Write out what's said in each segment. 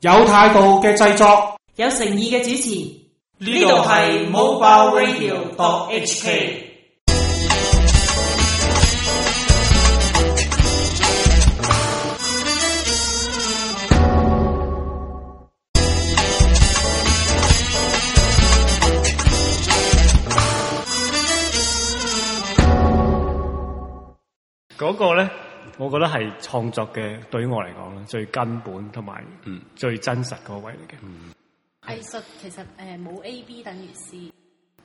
有態度嘅製作，有誠意嘅主持呢，呢度係 Mobile Radio HK。嗰個咧？我覺得係創作嘅，對於我嚟講咧，最根本同埋最真實嗰位嚟嘅。藝、嗯、是術其實誒冇 A B 等於 C。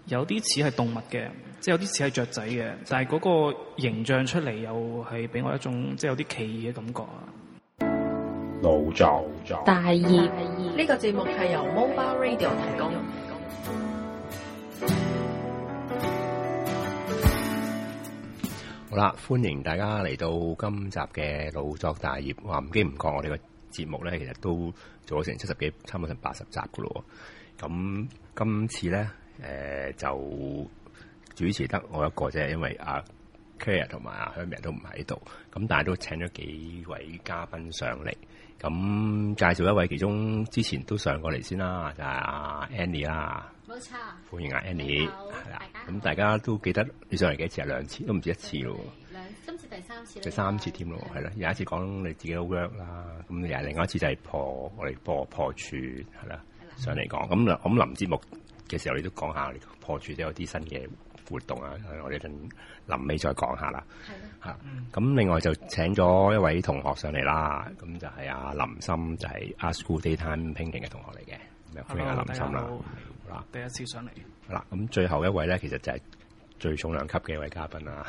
有啲似係動物嘅，即、就、係、是、有啲似係雀仔嘅，但係嗰個形象出嚟又係俾我一種即係、就是、有啲奇異嘅感覺啊。老就就。第二。第二。呢個節目係由 Mobile Radio 提供。好啦，歡迎大家嚟到今集嘅老作大業。話，唔經唔覺，我哋個節目咧，其實都做咗成七十幾，差唔多成八十集噶咯。咁今次咧，誒、呃、就主持得我一個啫，因為阿 Kara 同埋阿 Herman 都唔喺度。咁但係都請咗幾位嘉賓上嚟。咁介紹一位，其中之前都上過嚟先啦，就係、是、阿、啊、Annie 啦。歡迎阿、啊、Annie，係啦，咁大，大家都記得你上嚟幾次啊？兩次都唔止一次喎。兩，今次第三次第三次添咯，係啦好，有一次講你自己 work 啦的，咁又係另外一次就係破我哋破破處係啦，的上嚟講。咁林咁林節目嘅時候，你都講下破處都有啲新嘅活動啊。我哋陣臨尾再講下啦。係啦。嚇，咁另外就請咗一位同學上嚟啦。咁就係阿、啊、林心，就係、是、阿 School Daytime painting 嘅同學嚟嘅。歡迎阿林心啦。Hello, 第一次上嚟。嗱，咁最後一位咧，其實就係最重量級嘅一位嘉賓啦，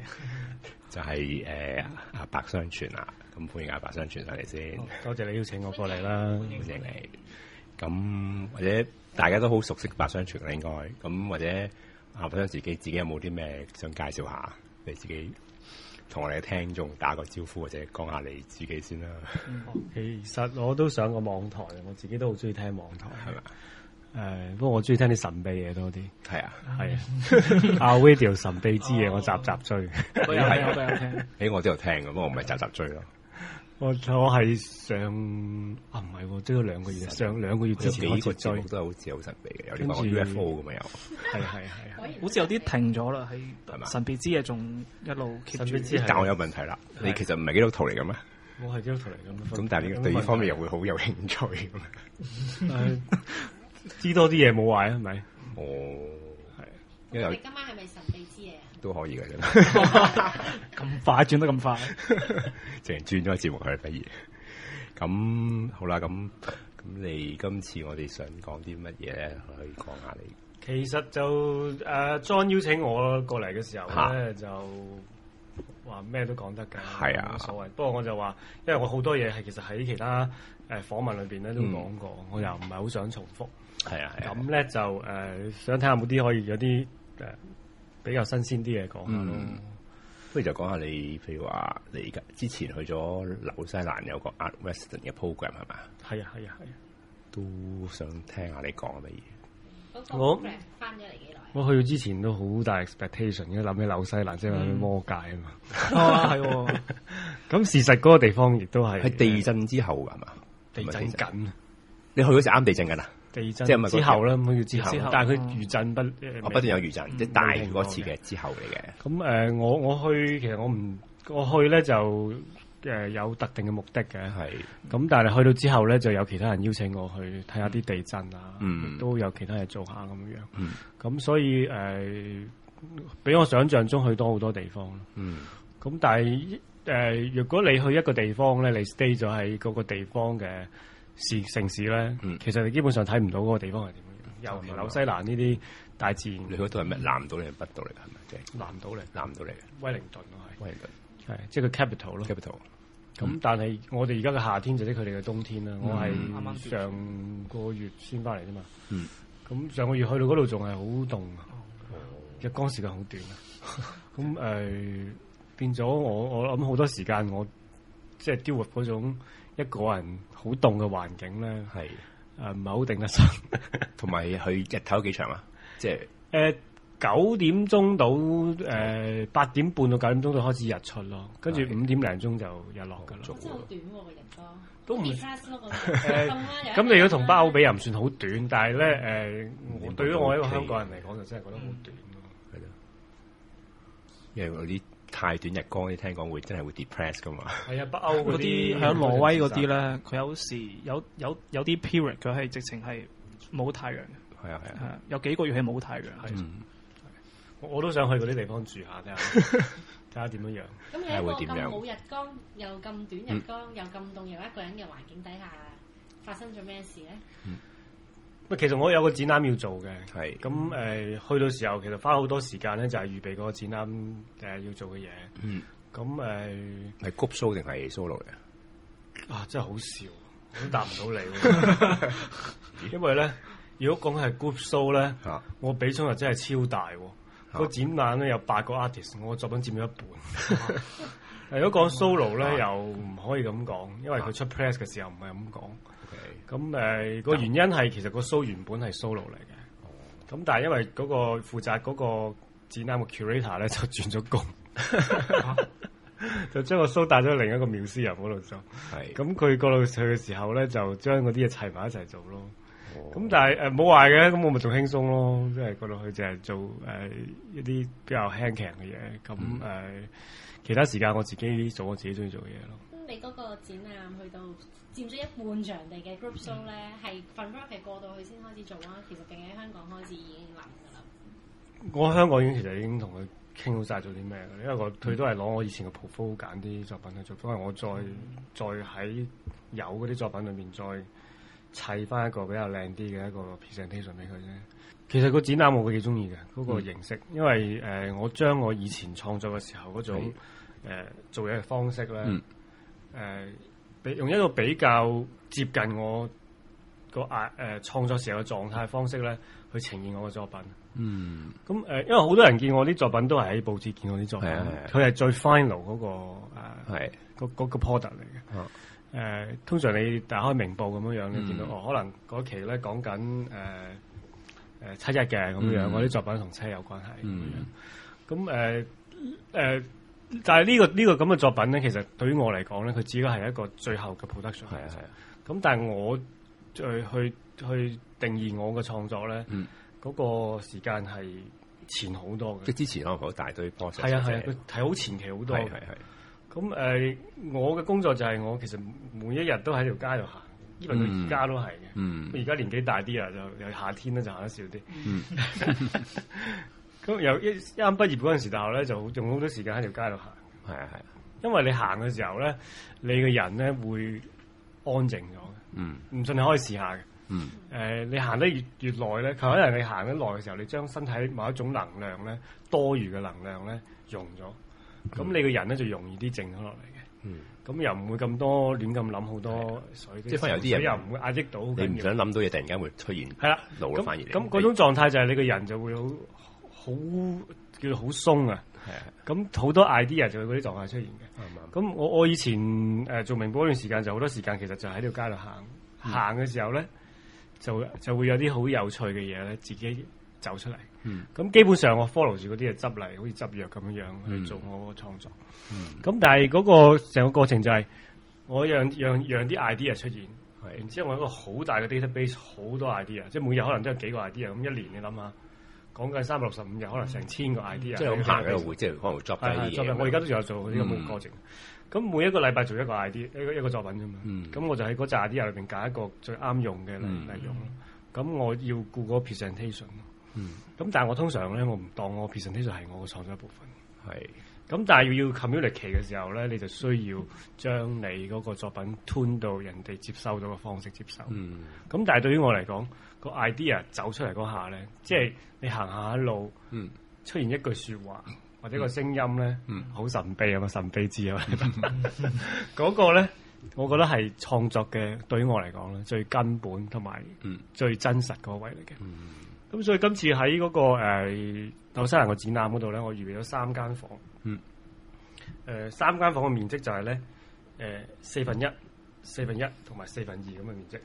就係誒阿白雙全啦。咁歡迎阿白雙全上嚟先。多謝你邀請我過嚟啦。歡迎你。咁或者大家都好熟悉白雙全啦，應該。咁或者阿白雙全自己自己有冇啲咩想介紹下？你自己同我哋嘅聽眾打個招呼，或者講下你自己先啦。嗯、其實我都上過網台，我自己都好中意聽網台，係咪？誒，不過我中意聽啲神秘嘢多啲。係啊，係啊。啊，radio《神秘之夜》我集集追。係，我都有聽。喺我都度聽咁啊，我唔係集集追咯。我我係上啊，唔係，都要兩個月。上兩個月之前我追，都係好似好神秘嘅，有啲 UFO 咁樣。係係係，好似有啲停咗啦，係。神秘之夜仲一路 keep 住。但我有問題啦？你其實唔係基督徒嚟嘅咩？我係基督徒嚟嘅。咁但係你對呢方面又會好有興趣。知多啲嘢冇壞啊，係咪哦，係。你今晚係咪神秘之夜？都可以嘅，咁快轉得咁快，成轉咗個節目去。不如，咁 好啦，咁咁，你今次我哋想講啲乜嘢咧？可以講下你。其實就誒、uh,，John 邀請我過嚟嘅時候咧，哈就話咩都講得㗎，係啊的，冇所謂。不過我就話，因為我好多嘢係其實喺其他誒訪、呃、問裏邊咧都講過，嗯、我又唔係好想重複。係啊，咁咧、啊、就誒、呃，想睇下有冇啲可以有啲誒、呃、比較新鮮啲嘢講下咯。不如就講下你，譬如話你而家之前去咗紐西蘭有個 outwestern 嘅 program 係咪？係啊，係啊，係啊，都想聽下你講乜嘢。好，翻咗嚟幾耐？我去之前都好大 expectation 嘅，因為諗起紐西蘭即係話啲魔界啊嘛。啊，係、哦。咁事實嗰個地方亦都係喺地震之後噶係嘛？是是地震緊，你去嗰時啱地震緊啦。地震之後啦，咁叫之後。但係佢餘震不，嗯、好我不斷有餘震，即係大嗰次嘅之後嚟嘅、嗯。咁誒、呃，我我去其實我唔，我去咧就誒有特定嘅目的嘅。係是。咁但係去到之後咧，就有其他人邀請我去睇下啲地震啊，嗯、都有其他嘢做下咁樣。嗯。咁所以誒、呃，比我想象中去多好多地方。嗯。咁但係誒，若、呃、果你去一個地方咧，你 stay 咗喺嗰個地方嘅。城市咧，其實你基本上睇唔到嗰個地方係點樣。尤其紐西蘭呢啲大自然。你嗰度係咩南島定係北島嚟㗎？係咪？即係南島嚟，南島嚟。威靈頓咯係。威靈頓係即係個 capital 咯。capital。咁、嗯、但係我哋而家嘅夏天就即係佢哋嘅冬天啦。我係、嗯、上個月先翻嚟啫嘛。咁、嗯、上個月去到嗰度仲係好凍，日光時間好短啊！咁誒、嗯 呃、變咗我我諗好多時間我即係丟落嗰種。一個人好凍嘅環境咧，係誒唔係好頂得順，同埋佢日頭幾長啊？即係誒九點鐘到誒八點半到九點鐘就開始日出咯，跟住五點零鐘就日落噶啦。真係好短喎、啊，日光都唔差。咁你如果同北歐比又唔算好短，但係咧誒，我、呃、對於我一個香港人嚟講就真係覺得好短咯、啊。係咯、嗯。又我哋。 太短日光，你聽講會真係會 depress 噶嘛？係啊，北歐嗰啲，係挪威嗰啲咧，佢 有時有有有啲 period，佢係直情係冇太陽嘅。係啊係啊，有幾個月係冇太陽。係，我我都想去嗰啲地方住下睇下，睇下點樣。咁你喺個冇日光又咁短日光 又咁凍又一個人嘅環境底下，發生咗咩事咧？ 唔，其實我有個展覽要做嘅，咁誒去到時候其實花好多時間咧，就係預備嗰個展覽誒要做嘅嘢。咁誒係 group show 定係 solo 嘅？啊，真係好笑，我都答唔到你。因為咧，如果講係 group show 咧，我比重又真係超大。個展覽咧有八個 artist，我作品佔咗一半。如果講 solo 咧，又唔可以咁講，因為佢出 press 嘅時候唔係咁講。咁誒、嗯，那個原因係其實個 show 原本係 solo 嚟嘅，咁、哦、但係因為嗰個負責嗰個展覽嘅 curator 咧就轉咗工，啊、 就將個 show 帶咗去另一個 museum 嗰度做。係是。咁佢過到去嘅時候咧、哦呃，就將嗰啲嘢砌埋一齊做咯。哦。咁但係誒冇壞嘅，咁我咪仲輕鬆咯，即係過到去就係做誒一啲比較輕強嘅嘢。嗯。咁誒其他時間我自己做我自己中意做嘅嘢咯。咁你嗰個展覽去到？佔咗一半場地嘅 group show 咧，係份 project 過到去先開始做啦、啊。其實勁喺香港開始已經諗噶啦。我喺香港已經其實已經同佢傾好晒做啲咩㗎，因為我佢都係攞我以前嘅 proposal 揀啲作品去做，都係、嗯、我再再喺有嗰啲作品裏面再砌翻一個比較靚啲嘅一個 presentation 俾佢啫。其實個展覽我幾中意嘅嗰個形式，因為誒、呃、我將我以前創作嘅時候嗰種做嘢嘅方式咧誒。呃嗯用一個比較接近我個壓誒創作時候嘅狀態方式咧，去呈現我嘅作品。嗯，咁誒，因為好多人見我啲作品都係喺報紙見我啲作品，佢係、啊、最 final 嗰、嗰個誒，係嗰是、uh, 嗰個 product 嚟嘅。誒，oh. uh, 通常你打開明報咁樣樣，你見到哦，可能嗰期咧講緊誒誒七一嘅咁樣，我啲、mm. 作品同七一有關係咁樣。咁誒誒。呃呃但係、這、呢個呢個咁嘅作品咧，其實對於我嚟講咧，佢只係一個最後嘅 p r production。係啊係啊。咁但係我再去去定義我嘅創作咧，嗰、嗯、個時間係前好多嘅。即係、嗯、之前可能好大堆 p r o 係啊係啊，睇好前期好多。係係咁誒，我嘅工作就係我其實每一日都喺條街度行，因為佢而家都係嘅。嗯。而家年紀大啲啊，就又夏天咧就行得少啲。嗯。嗯 咁有一啱畢業嗰陣時，大學咧就用好多時間喺條街度行。係啊，係啊，因為你行嘅時候咧，你嘅人咧會安靜咗。嗯，唔信你可以試下嘅。嗯。誒，你行得越越耐咧，可能你行得耐嘅時候，你將身體某一種能量咧，多餘嘅能量咧，用咗，咁你個人咧就容易啲靜咗落嚟嘅。嗯。咁又唔會咁多亂咁諗好多，所以即係有啲嘢又唔會壓抑到。你唔想諗到嘢，突然間會出現係啦。咁咁嗰種狀態就係你個人就會好。好叫做好鬆啊，係啊的，咁好多 idea 就會嗰啲狀態出現嘅。咁我的我以前誒、呃、做明報段時間，就好多時間其實就喺條街度行行嘅時候咧，就就會有啲好有趣嘅嘢咧，自己走出嚟。咁、嗯、基本上我 follow 住嗰啲啊，執嚟好似執藥咁樣樣去做我個創作。咁、嗯、但係嗰個成個過程就係我讓讓讓啲 idea 出現，然之後我有一個好大嘅 database，好多 idea，即係每日可能都有幾個 idea，咁一年你諗下。講緊三百六十五日，可能成千個 idea。即係咁一嘅會，即係可能 drop 低啲嘢。我而家都仲有做呢啲咁嘅過程。咁每一個禮拜做一個 idea，一個一個作品啫嘛。咁我就喺嗰扎 idea 裏邊揀一個最啱用嘅嚟嚟用咯。咁我要顧嗰個 presentation。咁但係我通常咧，我唔當我 presentation 係我嘅創作部分。係。咁但係要要 communicate 嘅時候咧，你就需要將你嗰個作品 tune 到人哋接收到嘅方式接收。咁但係對於我嚟講，個 idea 走出嚟嗰下咧，即係你行下路，嗯，出現一句說話，嗯、或者個聲音咧，嗯，好神秘啊嘛，神秘之。啊、嗯，嗰 個咧，我覺得係創作嘅，對於我嚟講咧，最根本同埋最真實嗰位嚟嘅。咁、嗯、所以今次喺嗰、那個誒紐西蘭個展覽嗰度咧，我預備咗三間房，嗯，誒、呃，三間房嘅面積就係、是、咧，誒、呃，四分一、四分一，同埋四分二咁嘅面積。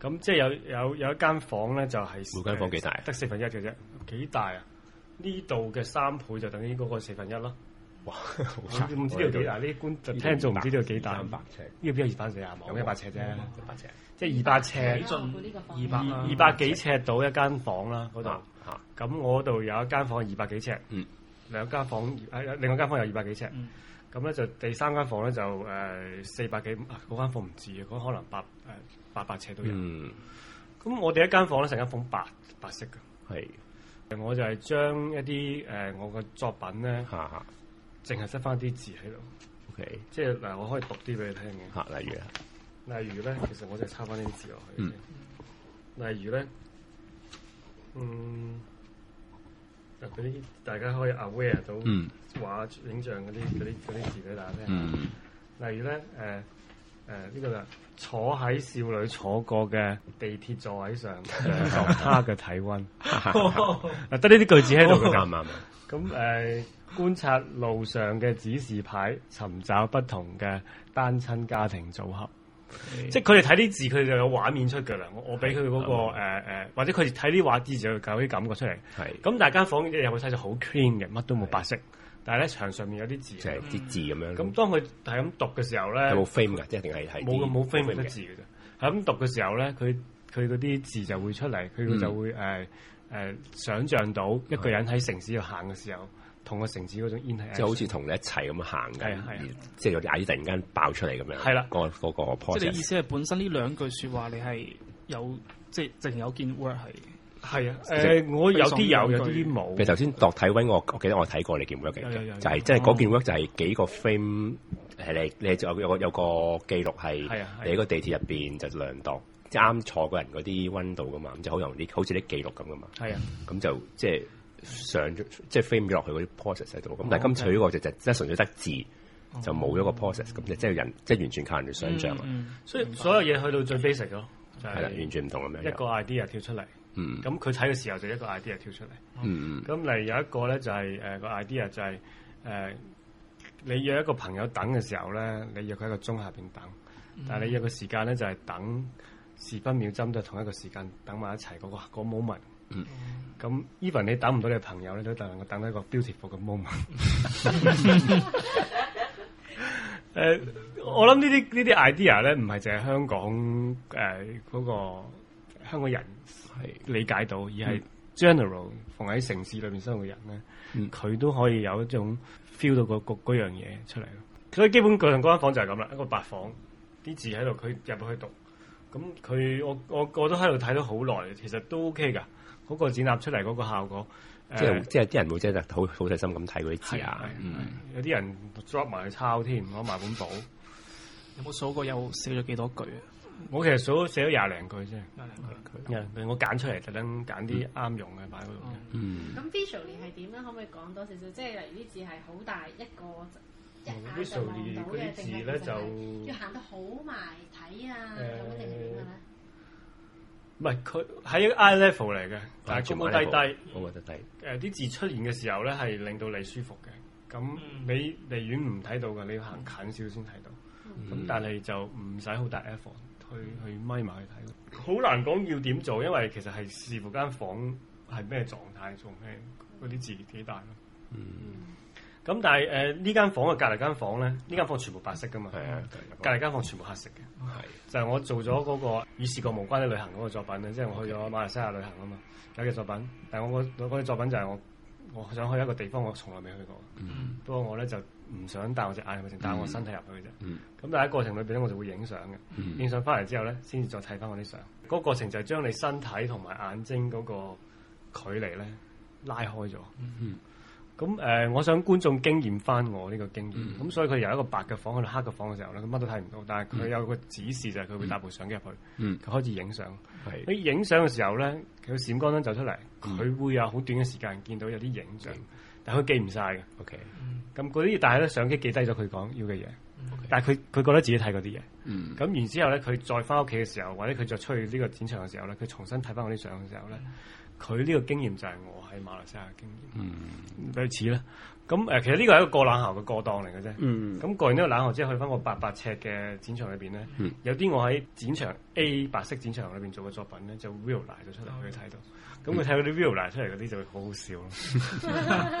咁即係有有有一間房咧，就係每間房幾大？得四分一嘅啫。幾大啊？呢度嘅三倍就等於嗰個四分一咯。哇！唔知道幾大呢？官就聽做唔知道幾大，二百尺呢？邊有二百四啊？冇，一百尺啫，一百尺即係二百尺，二百二百幾尺到一間房啦。嗰度咁，我度有一間房二百幾尺，嗯，兩間房另外間房有二百幾尺，咁咧就第三間房咧就誒四百幾啊？嗰間房唔止嗰可能八。誒。白白車都有、嗯，咁我哋一間房咧成一幅白白色嘅的，係、呃，我就係將一啲誒我嘅作品咧，吓吓、啊，淨、啊、係塞翻啲字喺度，OK，即係嗱，我可以讀啲俾你聽嘅，吓，例如啊，例如咧、啊，其實我就係抄翻啲字落去，嗯、例如咧，嗯，啲大家可以 aware 到畫，嗯，畫影像嗰啲啲啲字咧，俾大家聽，嗯，例如咧，誒、呃。呃誒，呢、呃這個就坐喺少女坐過嘅地鐵座位上，量他嘅體溫。得呢啲句子喺度。 咁、呃、誒， 觀察路上嘅指示牌，尋找不同嘅單親家庭組合。即係佢哋睇啲字，佢哋就有畫面出嘅啦。我我俾佢嗰個誒誒、 呃，或者佢哋睇啲畫字就搞啲感覺出嚟。係。 咁大係間房有冇睇就好 clean 嘅，乜都冇白色。 但係咧牆上面有啲字，就係啲字咁樣。咁當佢係咁讀嘅時候咧，有冇 frame 㗎？即係定係係冇咁冇 frame 字㗎啫。係咁讀嘅時候咧，佢佢嗰啲字就會出嚟，佢、嗯、就會誒誒、呃呃、想像到一個人喺城市度行嘅時候，的同個城市嗰種煙氣。即係好似同你一齊咁行嘅。係即係有啲突然間爆出嚟咁樣。係啦的，嗰、那個嗰、那個 p 即係意思係本身呢兩句説話你，你、就、係、是、有即係淨有見 word 係？係啊，誒我有啲有，有啲冇。其實頭先度體溫我，我記得我睇過你件 work 嘅，就係即係嗰件 work 就係幾個 frame 係你你有有個有個記錄係喺個地鐵入邊就量度，即啱坐個人嗰啲溫度噶嘛，咁就好容易好似啲記錄咁噶嘛。係啊，咁就即係上咗即係 frame 咗落去嗰啲 process 喺度。咁但係今次呢個就就即係純粹得字就冇咗個 process，咁即係人即係完全靠人哋想象啊。所以所有嘢去到最 basic 咯，係啦，完全唔同咁樣一個 idea 跳出嚟。咁佢睇嘅時候就一個 idea 跳出嚟，嗯，咁例如有一個咧、嗯、就係、是、誒、呃那個 idea 就係、是、誒、呃，你約一個朋友等嘅時候咧，你約佢喺個鐘下邊等，但係你約個時間咧就係等時分秒針都係同一個時間等埋一齊、那個、那個 moment。咁 even、嗯、你等唔到你嘅朋友咧，都能夠等一個 beautiful 嘅 moment。誒，我諗呢啲呢啲 idea 咧，唔係淨係香港誒、呃那個香港人。係理解到，而係 general、嗯、逢喺城市裏面生活嘅人咧，佢、嗯、都可以有一種 feel 到嗰嗰樣嘢出嚟咯。所以基本嗰陣嗰間房就係咁啦，一個白房，啲字喺度，佢入到去讀。咁、嗯、佢我我我都喺度睇咗好耐，其實都 OK 噶。嗰、那個展覽出嚟嗰個效果，即係即係啲人會真係好好細心咁睇嗰啲字啊，有啲人 drop 埋去抄添，攞埋本簿， 有冇數過有，有少咗幾多句啊？我其實所寫咗廿零句啫，廿零句。我揀出嚟特登揀啲啱用嘅擺嗰度。咁 visually 係點咧？可唔可以講多少少？即係例如啲字係好大一個，一眼就望到嘅，定係要行得好埋睇啊？咁定係點嘅咧？唔係佢喺一個 eye level 嚟嘅，但係高高低低。我覺得低。誒啲字出現嘅時候咧，係令到你舒服嘅。咁你離遠唔睇到嘅，你要行近少少先睇到。咁但係就唔使好大 effort。去去咪埋去睇咯，好難講要點做，因為其實係視乎間房係咩狀態，仲咩嗰啲字幾大咯。嗯，咁、嗯、但係誒、呃、呢間房嘅隔籬間房咧，呢間房全部白色噶嘛，係啊、嗯，隔籬間房全部黑色嘅，係、嗯、就係我做咗嗰個與視覺無關嘅旅行嗰個作品咧，即、就、係、是、我去咗馬來西亞旅行啊嘛，有嘅作品，但係我我嗰啲作品就係我我想去一個地方，我從來未去過，嗯，不過我咧就。唔想帶我隻眼入去，帶我身體入去嘅啫。咁、嗯、但喺過程裏邊咧，我就會影相嘅。影相翻嚟之後咧，先至再睇翻我啲相。嗰個過程就係將你身體同埋眼睛嗰個距離咧拉開咗。咁誒、嗯呃，我想觀眾經驗翻我呢個經驗。咁、嗯、所以佢由一個白嘅房去到黑嘅房嘅時候咧，佢乜都睇唔到。但係佢有個指示就係佢會帶部相機入去，佢、嗯、開始影相。你影相嘅時候咧，佢閃光燈走出嚟，佢會有好短嘅時間見到有啲影像。嗯佢記唔晒嘅，OK，咁嗰啲，但係咧，相機記低咗佢講要嘅嘢，Okay. 但係佢佢覺得自己睇嗰啲嘢，咁、嗯、然之後咧，佢再翻屋企嘅時候，或者佢再出去呢個展場嘅時候咧，佢重新睇翻我啲相嘅時候咧，佢呢、嗯、個經驗就係我喺馬來西亞嘅經驗，類、嗯、似啦。咁誒，其實呢個係一個過冷校嘅過檔嚟嘅啫。咁過完呢個冷校之後去翻個八百尺嘅展場裏邊咧，嗯、有啲我喺展場 A 白色展場裏邊做嘅作品咧，就 reveal 咗出嚟，可以睇到。咁佢睇到啲 reveal 出嚟嗰啲，就會好好笑咯。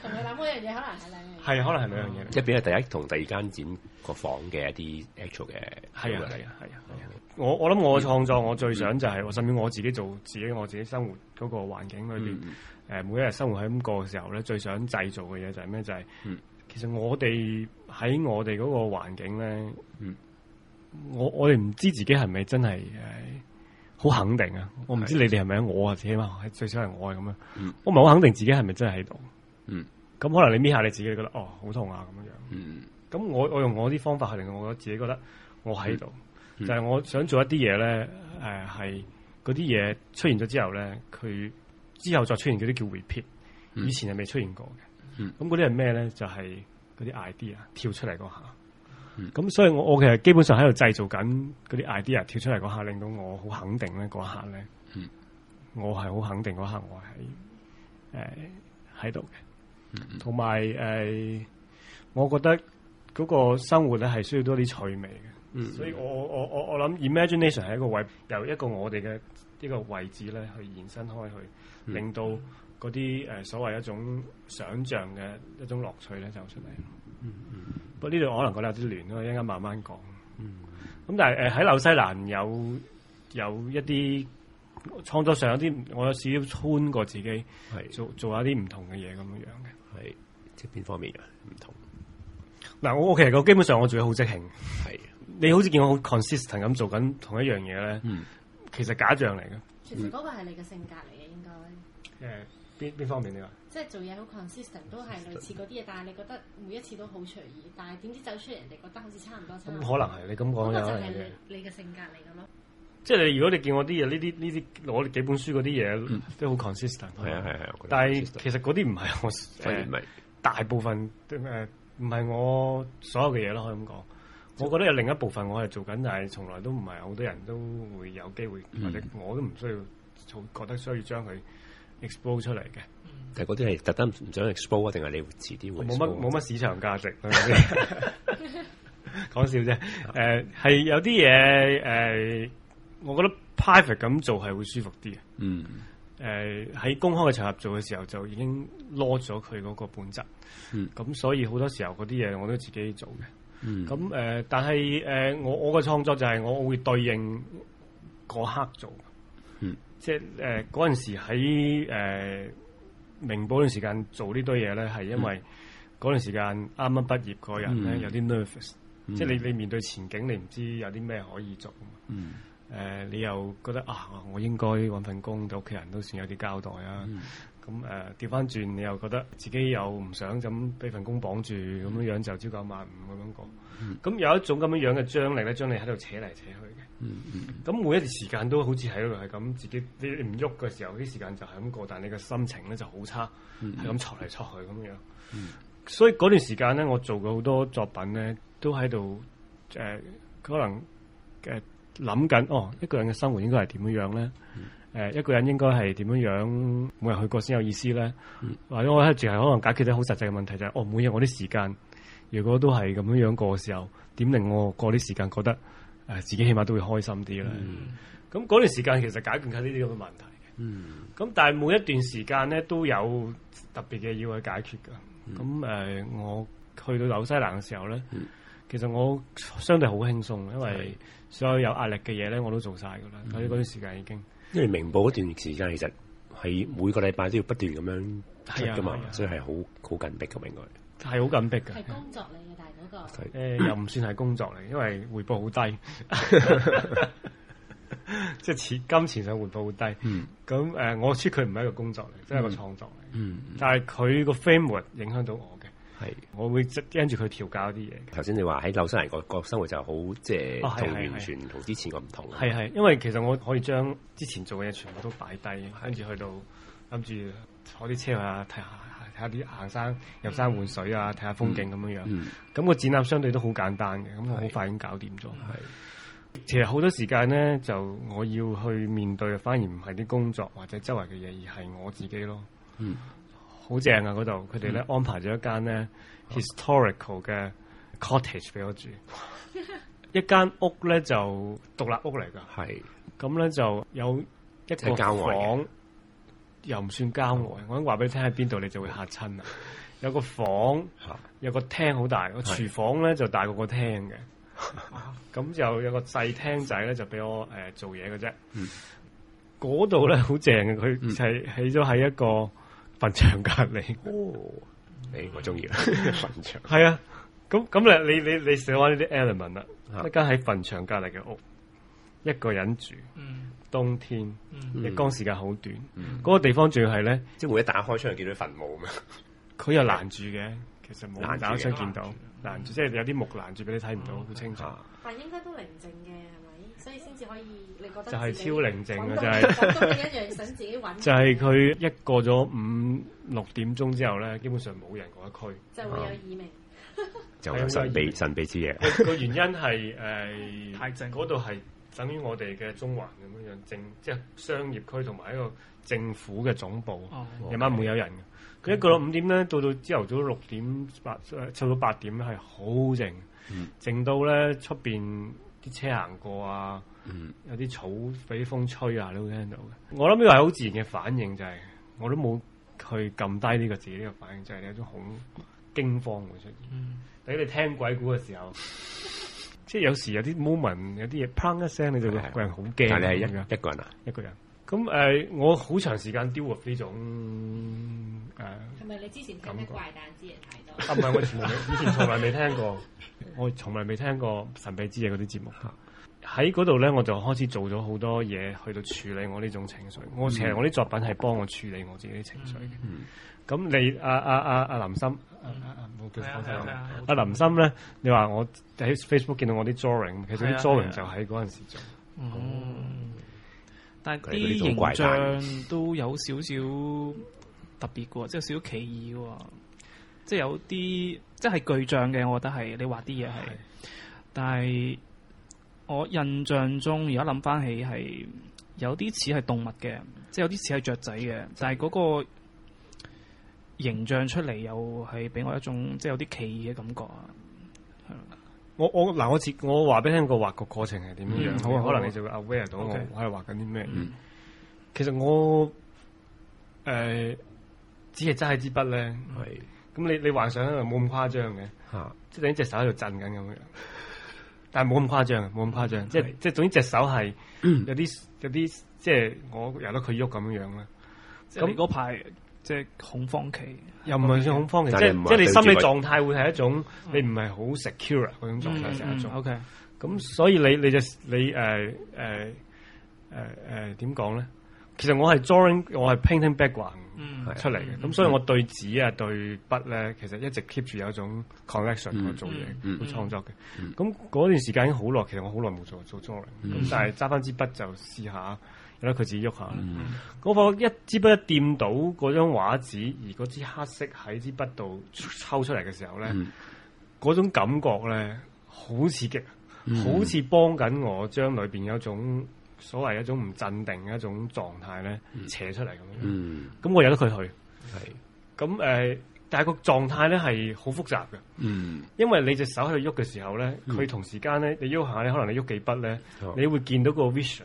同你諗嗰樣嘢，可能係你可能係兩樣嘢。即係第一同第二間展個房嘅一啲 actual 嘅係啊，係啊，係啊。啊啊啊啊嗯、我我諗我創作，我最想就係、是、我甚至我自己做自己，我自己生活嗰個環境裏邊。嗯嗯誒，每一日生活喺咁過嘅時候咧，最想製造嘅嘢就係、是、咩？就係、是，其實我哋喺我哋嗰個環境咧、嗯，我我哋唔知自己係咪真係誒好肯定啊、嗯！我唔知你哋係咪啊！我啊，自己嘛，最少係我係咁樣。我唔係好肯定自己係咪真係喺度。咁可能你搣下你自己，覺得哦好痛啊咁樣。咁我我用我啲方法嚟，令我自己覺得我喺度，就係、是、我想做一啲嘢咧。誒、呃，係嗰啲嘢出現咗之後咧，佢。之後再出現嗰啲叫 repeat，以前係未出現過嘅，咁嗰啲係咩咧？就係嗰啲 idea 跳出嚟嗰下，咁、嗯、所以我我其實基本上喺度製造緊嗰啲 idea 跳出嚟嗰下，令到我好肯定咧嗰刻咧，嗯、我係好肯定嗰刻我係誒喺度嘅，同埋誒，我覺得嗰個生活咧係需要多啲趣味嘅，嗯、所以我我我我我諗 imagination 係一個位由一個我哋嘅。呢個位置咧，去延伸開去，令到嗰啲誒所謂一種想像嘅一種樂趣咧，就出嚟、嗯。嗯，不過呢度我可能覺得有啲亂咯，一陣間慢慢講。嗯，咁、嗯、但係誒喺紐西蘭有有一啲創作上有啲，我有少少穿過自己，係是做做下啲唔同嘅嘢咁樣樣嘅。係即係邊方面嘅、啊、唔同？嗱，我其實我基本上我做係好即興。係的，你好似見我好 consistent 咁做緊同一樣嘢咧。嗯。其實假象嚟嘅，其實嗰個係你嘅性格嚟嘅，應該誒邊邊方面你話？即係做嘢好 consistent，都係類似嗰啲嘢，但係你覺得每一次都好隨意，但係點知走出嚟人哋覺得好似差唔多差唔多。咁可能係你咁講，可能就係你嘅性格嚟嘅咯。嗯、即係你如果你見我啲嘢呢啲呢啲攞幾本書嗰啲嘢都好很 consistent，係係係。對對對，但係其實嗰啲唔係我誒、呃、大部分誒唔係我所有嘅嘢咯，可以咁講。.我覺得有另一部分我係做緊，但係從來都唔係好多人都會有機會，嗯、或者我都唔需要，覺得需要將佢 explore 出嚟嘅。嗯、但係嗰啲係特登唔想 explore 啊 expl，定係你會遲啲會？冇乜冇乜市場價值，講笑啫。 誒係、嗯呃、有啲嘢誒，我覺得 private 咁做係會舒服啲嘅。嗯、呃。誒喺公開嘅場合做嘅時候，就已經攞咗佢嗰個本質。嗯。咁、嗯、所以好多時候嗰啲嘢我都自己做嘅。咁誒，嗯嗯、但係誒、呃，我我嘅創作就係我會對應嗰刻做，嗯、即係誒嗰陣時喺誒、呃、明報段陣時間做呢堆嘢咧，係因為嗰陣、嗯、時間啱啱畢業個人咧有啲 nervous，、嗯、即係你你面對前景你唔知有啲咩可以做，誒、嗯呃、你又覺得啊，我應該搵份工對屋企人都算有啲交代啊。嗯咁誒調翻轉，你、嗯、又覺得自己又唔想咁俾份工綁住咁、嗯、樣樣，就朝九晚五咁樣過。咁、嗯、有一種咁樣樣嘅張力咧，將你喺度扯嚟扯去嘅。咁、嗯嗯、每一段時間都好似喺度係咁，自己你唔喐嘅時候，啲時間就係咁過，但係你嘅心情咧就好差，係咁挫嚟挫去咁樣。嗯、所以嗰段時間咧，我做過好多作品咧，都喺度誒，可能誒諗緊哦，一個人嘅生活應該係點樣咧？嗯誒一個人應該係點樣樣？每日去過先有意思咧。嗯、或者我一直仲係可能解決得好實際嘅問題就係、係：哦，每日我啲時間，如果都係咁樣樣過嘅時候，點令我過啲時間覺得誒自己起碼都會開心啲咧？咁嗰、嗯、段時間其實解決緊呢啲咁嘅問題。嗯。咁但係每一段時間咧都有特別嘅嘢要去解決㗎。咁誒、嗯呃，我去到紐西蘭嘅時候咧，嗯、其實我相對好輕鬆，因為所有有壓力嘅嘢咧我都做晒㗎啦。所以嗰啲時間已經。嗯嗯因為明報嗰段時間，其實係每個禮拜都要不斷咁樣係啊，嘛，所以係好好緊迫噶應該係好緊迫，噶，係工作嚟嘅，但係個誒，又唔算係工作嚟，因為回報好低，即係錢金錢上回報好低。嗯，咁誒、呃，我知佢唔係一個工作嚟，即係一個創作嚟、嗯。嗯，但係佢個 framework 影響到我。係，是我會跟住佢調教啲嘢。頭先你話喺紐西蘭個生活就好，即、就、係、是、完全同之前個唔同、啊。係係，因為其實我可以將之前做嘅嘢全部都擺低，跟住去到諗住坐啲車啊，睇下睇下啲行山、入山換水啊，睇下風景咁樣、嗯嗯、樣。咁、那個展覽相對都好簡單嘅，咁我好快已經搞掂咗。係是，其實好多時間咧，就我要去面對，反而唔係啲工作或者周圍嘅嘢，而係我自己咯。嗯。好正啊！嗰度佢哋咧安排咗一間咧 historical 嘅 cottage 俾我住，一間屋咧就獨立屋嚟噶。係咁咧就有一個房，又唔算郊外。的我講話俾你聽喺邊度，你就會嚇親啦。有個房，的有個廳好大，個廚房咧就大過個廳嘅。咁的就有個細廳仔咧就俾我誒、呃、做嘢嘅啫。嗰度咧好正嘅，佢係起咗喺一個。墳場隔籬哦，誒，我中意啦，墳場係啊，咁咁咧，你你你寫完呢啲 element 啦，一間喺墳場隔籬嘅屋，一個人住，冬天，日光時間好短，嗰個地方仲要係咧，即係會一打開窗就見到墳墓啊嘛，佢又攔住嘅，其實冇打開窗見到，攔住即係有啲木攔住，俾你睇唔到，好清楚，但應該都寧靜嘅。所以先至可以，你覺得就係超寧靜嘅，就係一樣想自己就係佢一過咗五六點鐘之後咧，基本上冇人嗰一區，就會有耳鳴，就有神秘神秘之嘢。個原因係誒，嗰度係等於我哋嘅中環咁樣樣政，即係商業區同埋一個政府嘅總部。夜晚唔會有人，佢一過咗五點咧，到到朝頭早六點八誒，到八點咧係好靜，靜到咧出邊，啲車行過啊，嗯、有啲草俾風吹啊，你會聽到嘅。我諗呢個係好自然嘅反應，就係，就係我都冇去撳低呢個自己呢個反應，就係有一種好驚慌會出現。如、嗯、你聽鬼故嘅時候， 即係有時有啲 moment 有啲嘢砰一聲，你就個人好驚。是你係一個一個人啊？一個人。咁誒，我好長時間 deal with 呢種誒，係咪你之前講啲怪談之嘢太多？唔係，我以前以前從來未聽過，我從來未聽過神秘之夜嗰啲節目嚇。喺嗰度咧，我就開始做咗好多嘢去到處理我呢種情緒。我成日我啲作品係幫我處理我自己啲情緒嘅。咁你阿阿阿阿林森，阿阿叫阿林森，咧？你話我喺 Facebook 見到我啲 drawing，其實啲 drawing 就喺嗰陣時做，但係啲形象都有少少特別嘅，即係 少少奇異嘅，即係有啲即係巨象嘅，我覺得係你畫啲嘢係。Okay. 但係我印象中，而家諗翻起係有啲似係動物嘅，即係有啲似係雀仔嘅， 但係嗰個形象出嚟又係俾我一種即係有啲奇異嘅感覺啊。我我嗱，我接我話俾你聽個畫個過程係點樣樣，嗯、好啊，可能你就會 aware 到我喺度畫緊啲咩。嗯、其實我誒、呃，只係揸喺支筆咧，咁、嗯、你你幻想咧，冇咁誇張嘅，即係你隻手喺度震緊咁樣，但係冇咁誇張，冇咁誇張，即係即係總之隻手係有啲有啲，即係我由得佢喐咁樣樣啦。咁嗰排。即係恐慌期，又唔係算恐慌期，即係即係你心理狀態會係一種你唔係好 secure 嗰種狀態，係一種 OK。咁所以你你就你誒誒誒誒點講咧？其實我係 drawing，我係 painting background 出嚟嘅。咁所以我對紙啊對筆咧，其實一直 keep 住有一種 connection 去做嘢去創作嘅。咁嗰段時間已經好耐，其實我好耐冇做做 drawing，咁但係揸翻支筆就試下。佢自己喐下，嗰個一支筆一掂到嗰張畫紙，而嗰支黑色喺支筆度抽出嚟嘅時候咧，嗰種感覺咧好刺激，好似幫緊我將裏邊有一種所謂一種唔鎮定嘅一種狀態咧扯出嚟咁樣，咁我由得佢去係，咁誒，但係個狀態咧係好複雜嘅，嗯，因為你隻手喺度喐嘅時候咧，佢同時間咧你喐下咧，可能你喐幾筆咧，你會見到個 vision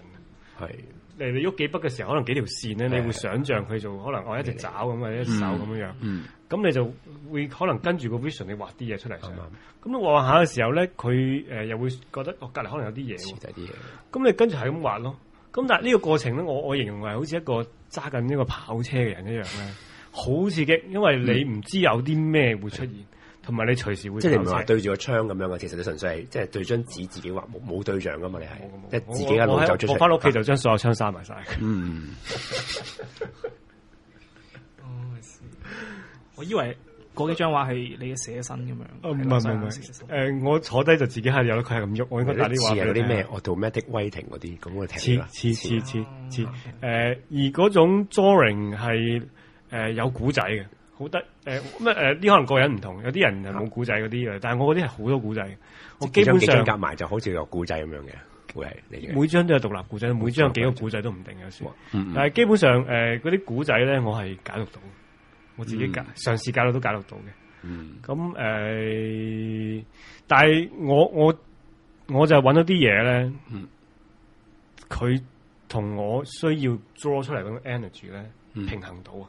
係。誒，你喐幾筆嘅時候，可能幾條線咧，你會想象佢做可能我一隻爪咁一隻手咁樣樣，咁你就會可能跟住個 vision，你畫啲嘢出嚟。咁你畫下嘅時候咧，佢誒又會覺得我隔籬可能有啲嘢，咁你跟住係咁畫咯。咁、嗯、但係呢個過程咧，我我形容係好似一個揸緊呢個跑車嘅人一樣咧，好、嗯、刺激，因為你唔知有啲咩會出現。嗯嗯同埋你隨時會即係唔係對住個窗咁樣嘅，其實你純粹係即係對張紙自己畫，冇冇對象噶嘛？你係即係自己一度走出嚟。我翻屋企就將所有窗閂埋晒。嗯，我以為嗰幾張畫係你嘅寫生咁樣。唔係唔係，誒、哦呃，我坐低就自己係有佢係咁喐。我應該打啲畫佢咧。似有啲咩？我做 automatic waiting 嗰啲咁我聽黐黐黐黐。黐、呃。誒、呃呃呃，而嗰種 drawing 係，誒、呃、有古仔嘅，好得。誒，咩誒、呃？啲、呃、可能個人唔同，有啲人係冇古仔嗰啲嘅，啊、但係我嗰啲係好多古仔。張我基本上，幾夾埋就好似有古仔咁樣嘅，會係每張都有獨立古仔，每張有幾個古仔都唔定有時。哦嗯嗯，但係基本上，誒嗰啲古仔咧，我係解讀到，我自己解嘗試、嗯、解讀都解讀到嘅。嗯。咁誒、呃，但係我我我就揾到啲嘢咧，佢同、嗯、我需要 draw 出嚟嗰個 energy 咧，嗯、平衡到啊。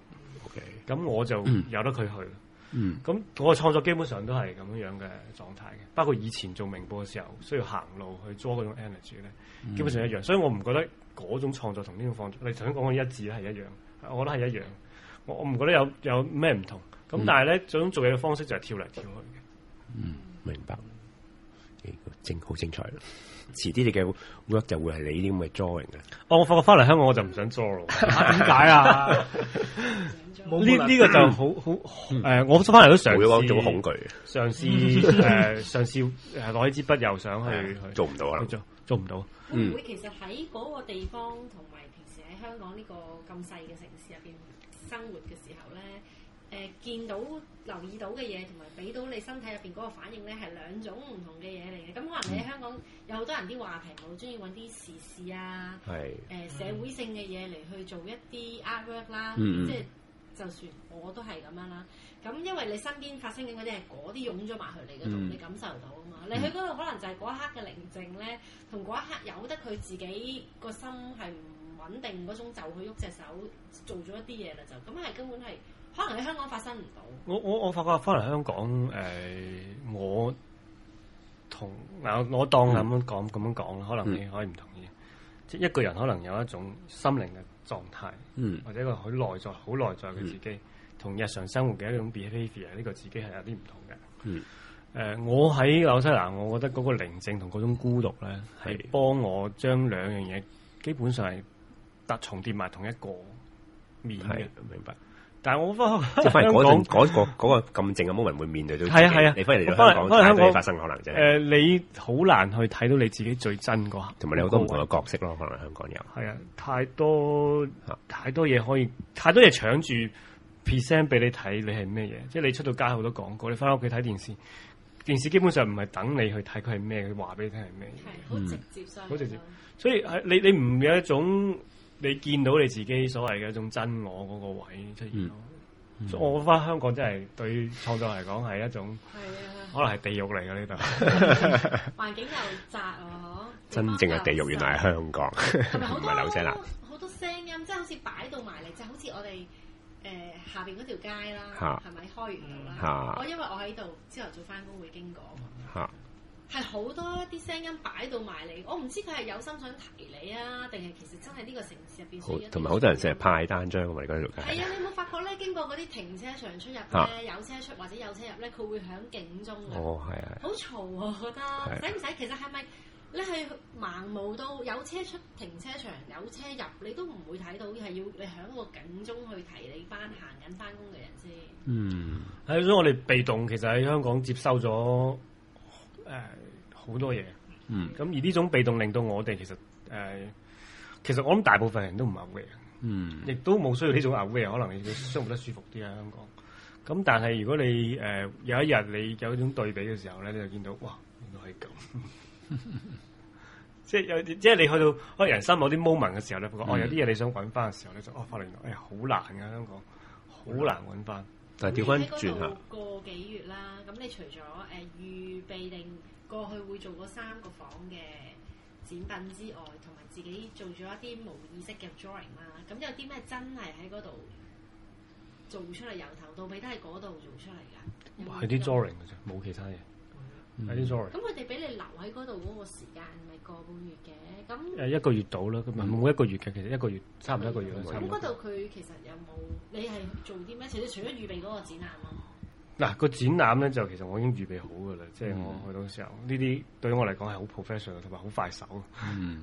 咁 Okay. 我就由得佢去，咁、嗯、我嘅創作基本上都係咁樣嘅狀態嘅，包括以前做明報嘅時候，需要行路去 draw 嗰種 energy 咧，嗯、基本上一樣，所以我唔覺得嗰種創作同呢種創作，嗯、你頭先講嘅一致咧係一樣，我覺得係一樣，我我唔覺得有有咩唔同，咁但係咧，種做嘢嘅方式就係跳嚟跳去嘅。嗯，明白。誒，好精彩啦，遲啲你嘅 work 就會係你啲咁嘅 drawing 嘅。哦，我發覺翻嚟香港我就唔想 draw 咯，點解啊？ 呢呢、這個就好、嗯、好，誒、呃，我翻嚟都成日會有種恐懼，嘗試誒嘗試誒攞支筆又想去做唔到啊，做做唔到、嗯。會唔會其實喺嗰個地方同埋平時喺香港呢個咁細嘅城市入邊生活嘅時候咧，誒、呃、見到留意到嘅嘢同埋俾到你身體入邊嗰個反應咧，係兩種唔同嘅嘢嚟嘅。咁可能你喺香港有好多人啲話題，好中意搵啲時事啊，誒是、呃、社會性嘅嘢嚟去做一啲 artwork 啦，嗯、即係。嗯就算我都係咁樣啦，咁因為你身邊發生緊嗰啲係嗰啲湧咗埋去你嗰度，嗯、你感受到啊嘛。嗯、你去嗰度可能就係嗰一刻嘅寧靜咧，同嗰一刻由得佢自己個心係唔穩定嗰種就，就去喐隻手做咗一啲嘢啦，就咁係根本係可能喺香港發生唔到。我我我發覺翻嚟香港誒、呃，我同嗱我，我當咁、嗯、樣講咁樣講，可能你可以唔同意。嗯即一個人可能有一種心靈嘅狀態，嗯、或者一個好內在、好內在嘅自己，同、嗯、日常生活嘅一種 behavior 呢個自己係有啲唔同嘅。誒、嗯呃，我喺紐西蘭，我覺得嗰個寧靜同嗰種孤獨咧，係是幫我將兩樣嘢基本上係搭重疊埋同一個面嘅。明白。明白明白但係我翻，即係翻嚟嗰陣，嗰、 嗰個、嗰個咁靜嘅 moment 會面對到，係啊係啊，啊你翻嚟，嚟咗香港，香港太多發生可能啫。誒、呃，你好難去睇到你自己最真個，同埋你好多唔同嘅角色咯，可能香港人，係啊，太多太多嘢可以，太多嘢搶住 present 俾你睇，你係咩嘢？即係你出到街好多廣告，你翻屋企睇電視，電視基本上唔係等你去睇佢係咩，佢話俾你聽係咩。嘢、嗯。好直接，好直接。所以係你，你唔有一種。你見到你自己所謂嘅一種真我嗰個位出現咯、嗯，嗯、我翻香港真係對創作嚟講係一種，可能係地獄嚟㗎呢度，環境又窄喎。裡 真正嘅地獄原來係香港，唔係紐西蘭。好多， 多，多聲音，即、就、係、是、好似擺到埋嚟，就是、好似我哋誒、呃、下邊嗰條街啦，係咪開完到啦？我因為我喺度，朝頭早翻工會經過㗎。啊啊係好多一啲聲音擺到埋嚟，我唔知佢係有心想提你啊，定係其實真係呢個城市入邊。好同埋好多人成日派單張㗎嘛，你嗰係啊！你有冇發覺咧？經過嗰啲停車場出入咧，啊、有車出或者有車入咧，佢會響警鐘哦，係啊，好嘈啊！我覺得使唔使？其實係咪你係盲目到有車出停車場、有車入，你都唔會睇到係要你響個警鐘去提你翻行緊翻工嘅人先？嗯，係所以我哋被動，其實喺香港接收咗誒。呃好多嘢，咁、嗯、而呢種被動令到我哋其實誒、呃，其實我諗大部分人都唔 aware 嘅，嗯，亦都冇需要呢種 aware 嘅，可能你都生活得舒服啲喺、啊、香港。咁但係如果你誒、呃、有一日你有一種對比嘅時候咧，你就見到哇，原來係咁 ，即係有即係你去到可能人生某啲 moment 嘅時候咧，哦，嗯、有啲嘢你想揾翻嘅時候咧，就哦發原來哎呀好難㗎、啊、香港，好難揾翻。難但係調翻轉下，個幾月啦，咁你除咗誒預備定。嗯過去會做嗰三個房嘅展品之外，同埋自己做咗一啲冇意識嘅 drawing 啦。咁、嗯嗯嗯、有啲咩真係喺嗰度做出嚟，由頭到尾都喺嗰度做出嚟㗎？係啲 drawing 嘅啫，冇其他嘢。係啲 drawing。咁佢哋俾你留喺嗰度嗰個時間，係個半月嘅。咁誒、啊、一個月到啦，咁啊每一個月嘅其實一個月差唔多一個月。咁嗰度佢其實有冇？你係做啲咩？其實除咗除咗預備嗰個展覽囉。嗱，個展覽咧就其實我已經預備好㗎喇，嗯、即係我去到時候呢啲對於我嚟講係好 professional 同埋好快手。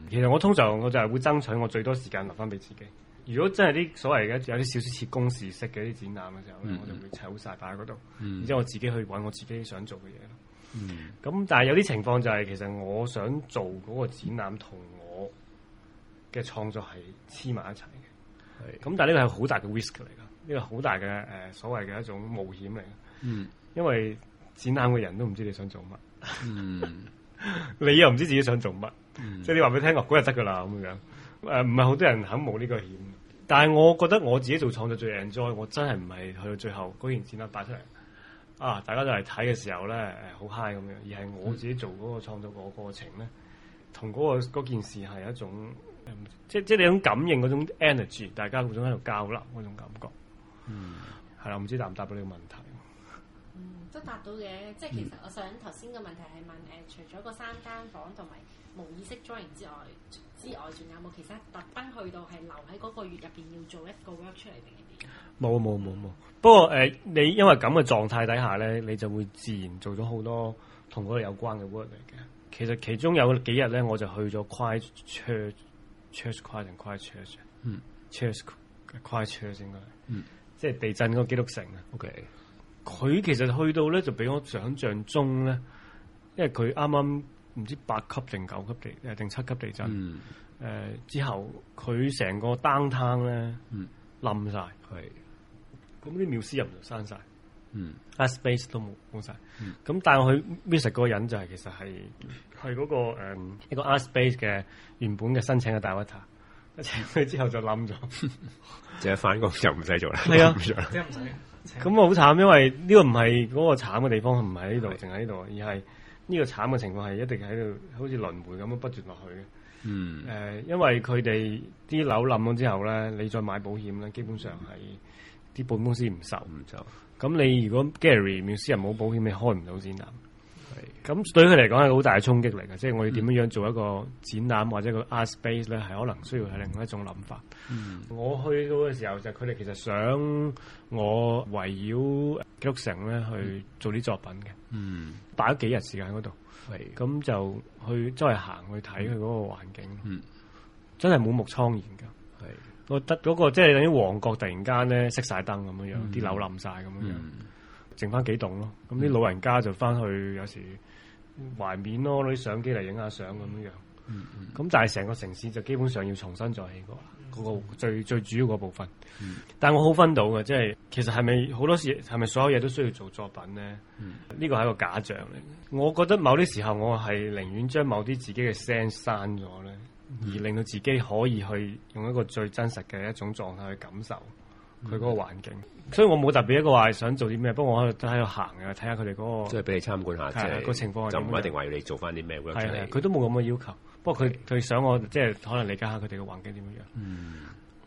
其實我通常我就係會爭取我最多時間留翻俾自己。如果真係啲所謂嘅有啲少少似公事式嘅啲展覽嘅時候咧，嗯嗯、我就會砌好晒擺喺嗰度，然之後我自己去揾我自己想做嘅嘢咯。咁、嗯、但係有啲情況就係、係、其實我想做嗰個展覽同我嘅創作係黐埋一齊嘅。咁、嗯、但係呢個係好大嘅 risk 嚟㗎，呢個好大嘅誒、呃、所謂嘅一種冒險嚟嘅。嗯，因為展覽嘅人都唔知你想做乜，嗯、 你又唔知自己想做乜，嗯，即係你話俾佢聽個嗰日得噶啦咁樣，誒唔係好多人肯冒呢個險，但係我覺得我自己做創作最 enjoy，我真係唔係去到最後件展覽擺出嚟，啊，大家都嚟睇嘅時候咧，誒、呃、好 high 咁樣，而係我自己做嗰個創作個過程咧，同、嗰個件事係一種，呃、即係即係你種感應種 energy，大家互相喺度交流種感覺，嗯，嗯，係啦，唔知有有答唔答到呢個問題？都答到嘅，即係其實我想頭先嘅問題係問誒，嗯、除咗個三間房同埋無意識 join 之外，之外仲有冇其他特登去到係留喺嗰個月入邊要做一個 work 出嚟定係點？冇冇冇冇，不過誒、呃，你因為咁嘅狀態底下咧，你就會自然做咗好多同嗰個有關嘅 work 嚟嘅。其實其中有幾日咧，我就去咗 quiet church，church quiet and quiet church，c h u r c h church 先嘅、嗯 Ch，嗯，即係地震嗰個基督城啊，OK。佢其實去到咧就比我想象中咧，因為佢啱啱唔知八級定九級地誒定七級地震，誒、呃、之後佢成個 downtown 咧冧晒，係咁啲苗師又就閂曬，嗯，art space 都冇冇曬。咁帶我去 music 嗰個人就係其實係係嗰個誒、嗯、一個 art space 嘅原本嘅申請嘅 director 請佢之後就冧咗，即係翻工就唔使做啦，係啊對了，唔使。咁啊，好慘，因為呢個唔係嗰個慘嘅地方，唔喺呢度，淨喺呢度，而係呢個慘嘅情況係一定喺度，好似輪迴咁樣不斷落去嘅。嗯。誒、呃，因為佢哋啲樓冧咗之後咧，你再買保險咧，基本上係啲保險公司唔受唔受。咁、嗯、你如果 Gallery 私人冇保險，你開唔到先得。咁對佢嚟講係好大嘅衝擊嚟嘅，即係我要點樣樣做一個展覽、嗯、或者個 art space 咧，係可能需要係另外一種諗法。嗯、我去到嘅時候就佢、是、哋其實想我圍繞基督城咧去做啲作品嘅，擺咗、嗯、幾日時間喺嗰度。係咁、嗯、就去即係行去睇佢嗰個環境，嗯、真係滿目瘡痍嘅。係、嗯那個，我覺得嗰個即係等於旺角突然間咧熄晒燈咁樣樣，啲樓冧晒咁樣樣。剩翻幾棟咯，咁啲老人家就翻去有時懷緬咯，攞啲相機嚟影下相咁樣樣。咁、嗯嗯、但係成個城市就基本上要重新再起過啦，嗰個、嗯嗯、最最主要個部分。嗯、但係我好分到嘅，即係其實係咪好多時係咪所有嘢都需要做作品咧？呢個係一個假象嚟。我覺得某啲時候我係寧願將某啲自己嘅聲刪咗咧，嗯、而令到自己可以去用一個最真實嘅一種狀態去感受。佢嗰個環境，所以我冇特別一個話想做啲咩，不過我喺度喺度行嘅，睇下佢哋嗰個即係俾你參觀下啫，的是個情況就唔一定話要你做翻啲咩。佢都冇咁嘅要求，不過佢佢想我即係可能理解下佢哋嘅環境點樣。嗯，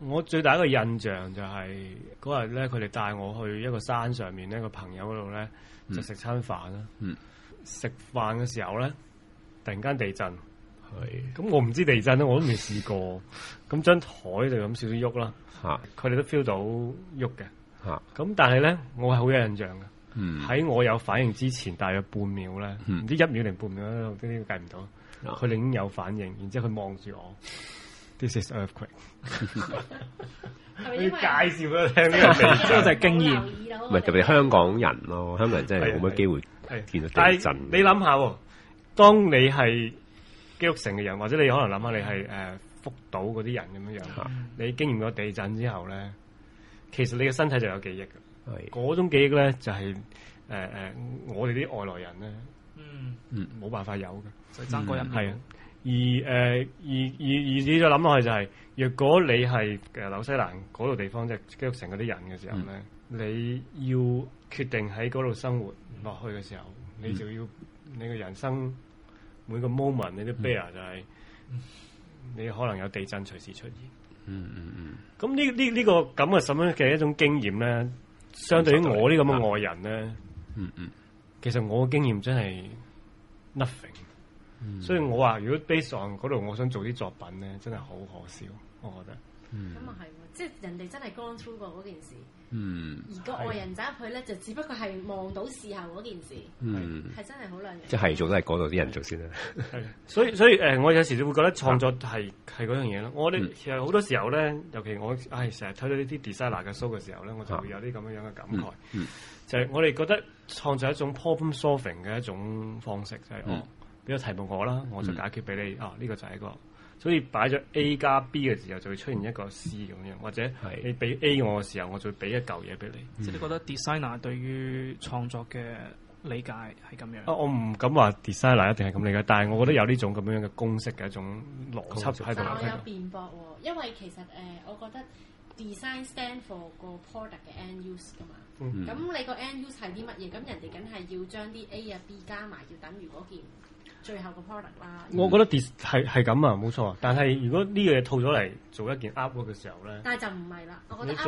我最大一個印象就係嗰日咧，佢哋帶我去一個山上面咧，一個朋友嗰度咧就食餐飯啦。嗯，食飯嘅時候咧，突然間地震。係，咁我唔知地震咧，我都未試過。咁張台就咁少少喐啦，吓， 佢哋都 feel 到喐嘅，吓。咁但係咧，我係好有印象嘅，喺、嗯、我有反應之前大約半秒咧，唔、嗯、知一秒定半秒咧，呢啲都計唔到，佢哋、嗯、已經有反應，然之後佢望住我。 This is earthquake。 要介紹咗聽呢樣嘢，呢個 就係經驗。唔係特別香港人咯，香港人真係冇乜機會見到地震。 你諗下，當你係。基督城嘅人，或者你可能諗下，你係誒福島嗰啲人咁樣樣，你經驗咗地震之後咧，其實你嘅身體就有記憶嘅，嗰種記憶咧就係誒誒，我哋啲外來人咧，嗯冇辦法有嘅，就爭嗰一批。而誒而而而你再諗落去就係，若果你係誒紐西蘭嗰度地方即係基督城嗰啲人嘅時候咧，你要決定喺嗰度生活落去嘅時候，你就要你嘅人生。每個 moment 呢啲 bear、er、就係、是，嗯、你可能有地震隨時出現。嗯嗯嗯。咁呢呢呢個咁嘅咁樣嘅一種經驗咧，相對於我呢咁嘅外人咧、嗯，嗯嗯，其實我嘅經驗真係 nothing、嗯。所以我話如果 based on 嗰度，我想做啲作品咧，真係好可笑，我覺得、嗯。咁、嗯、啊係，即係人哋真係 gone through 過嗰件事。嗯，而個外人走入去咧，就只不過係望到事後嗰件事，係係、嗯、真係好靚，即係做都係嗰度啲人做先啦。係，所以所以誒，我有時會覺得創作係係嗰樣嘢咯。我哋、嗯、其實好多時候咧，尤其我唉成、哎、日睇到呢啲 designer 嘅 show 嘅時候咧，我就會有啲咁樣樣嘅感慨，啊、就係我哋覺得創作一種 problem solving 嘅一種方式，就係、是、哦，俾個題目我啦，我就解決俾你。嗯、啊，呢、呢個就係一個。所以擺咗 A 加 B 嘅時候就會出現一個 C 咁樣，或者你俾 A 我嘅時候，我再俾一嚿嘢俾你。即係你覺得 designer 對於創作嘅理解係咁樣？啊，我唔敢話 designer 一定係咁理解，但係我覺得有呢種咁樣嘅公式嘅一種邏輯喺度。嗯、我有辯駁喎，因為其實誒、呃，我覺得 design stand for 個 product 嘅 end use 噶嘛。咁、嗯嗯、你個 end use 係啲乜嘢？咁人哋梗係要將啲 A 啊 B 加埋，要等於嗰件。最後個 product 啦，我覺得係係咁啊，冇錯、嗯。但係如果呢樣嘢套咗嚟做一件 up 嘅時候咧，但係就唔係啦，我覺得嘅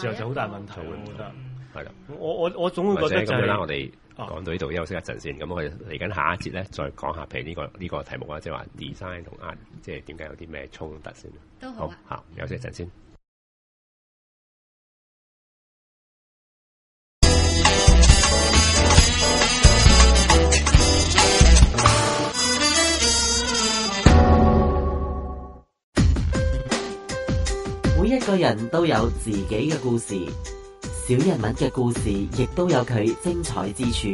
時候就好大問題。的嗯、我覺得係啦，我我我總會覺得就係咁啦。我哋講到呢度休息一陣先，咁我哋嚟緊下一節咧，再講下譬如呢個呢、呢個題目啊，即係話 design 同 art 即係點解有啲咩衝突先。都好啊，休息好、嗯、一陣先。每個人都有自己嘅故事，小人物嘅故事亦都有佢精彩之處。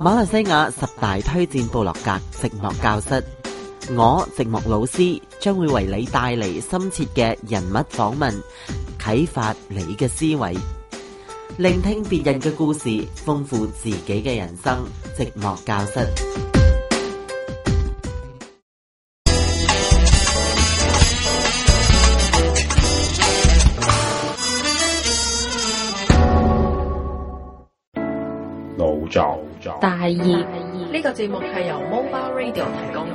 馬來西亞十大推薦部落格《寂寞教室》，我寂寞老師將會為你帶嚟深切嘅人物訪問，啟發你嘅思維，聆聽別人嘅故事，豐富自己嘅人生。寂寞教室。第二呢個節目係由 Mobile Radio 提供。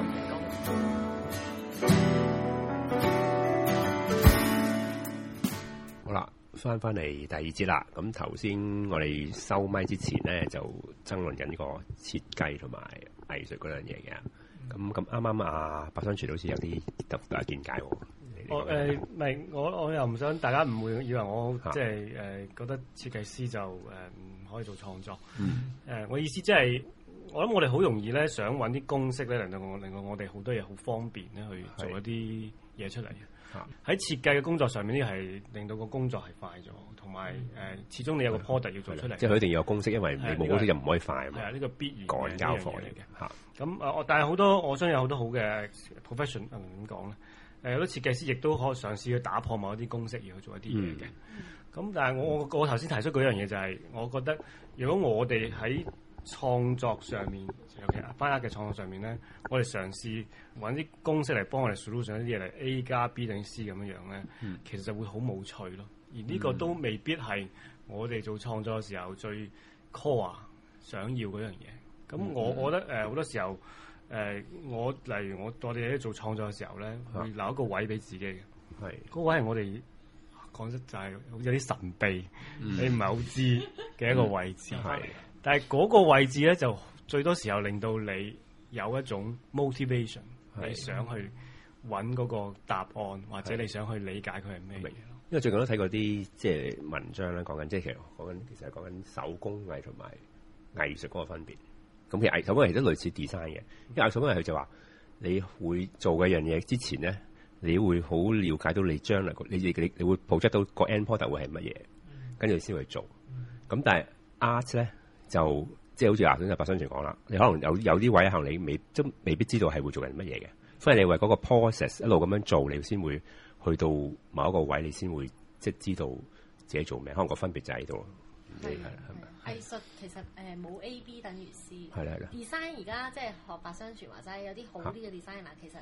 好啦，翻翻嚟第二節啦。咁頭先我哋收咪之前咧，就爭論緊呢個設計同埋藝術嗰樣嘢嘅。咁咁啱啱啊，白雙全老師有啲特別見解我、呃。我誒，唔係我我又唔想大家唔會以為我、啊、即係誒、呃，覺得設計師就誒。呃可以做創作，誒、嗯呃，我意思即、就、係、是，我諗我哋好容易咧，想搵啲公式咧，令到我，令到我哋好多嘢好方便咧，去做一啲嘢出嚟。喺是設計嘅工作上面，呢係令到個工作係快咗，同埋誒，始終你有個 product 要做出嚟。即係佢一定要有公式，因為你冇公式就唔可以快嘛。係啊，呢個必然嘅。趕交貨嚟嘅，嚇的。咁誒，我、呃、但係好多，我相信有好多好嘅 profession，點、呃、講咧？誒好多設計師亦都可以嘗試去打破某一啲公式，而去做一啲嘢嘅。咁但係我我我頭先提出嗰樣嘢就係，我覺得如果我哋喺創作上面，尤其阿班克嘅創作上面咧，我哋嘗試揾啲公式嚟幫我哋 solve 上一啲嘢嚟，A 加 B 等於 C 咁樣樣咧，其實就會好冇趣咯。而呢個都未必係我哋做創作嘅時候最 core 想要嗰樣嘢。咁我覺得誒好多時候。誒、呃，我例如我我哋喺做創作嘅時候咧，會留一個位俾自己嘅，係嗰，啊、位係我哋講得就係有啲神秘，嗯、你唔係好知嘅一個位置。係，嗯，但係個位置咧，就最多時候令到你有一種 motivation，啊、你想去揾個答案，或者你想去理解佢係咩嘢。因為最近都睇過啲即係文章咧，講緊即係其實講緊其實係講緊手工藝同埋藝術個分別。咁其實藝術家其實都類似 design 嘅，因為藝術家佢就話：你會做嘅一樣嘢之前咧，你會好了解到你將來，你你你會抱出到個 end product 會係乜嘢，跟住先去做。咁但係 art 咧就即係好似阿阿白雙全講啦，你可能有有啲位向你未即未必知道係會做緊乜嘢嘅，反而你為嗰個 process 一路咁樣做，你先會去到某一個位，你先會即係知道自己做咩。可能個分別就喺度。係啦，係咪？藝術其實誒冇、呃、A、B 等於 C。係啦，係啦。Design 而家即係學白雙全話齋，有啲好啲嘅 design 啦，其實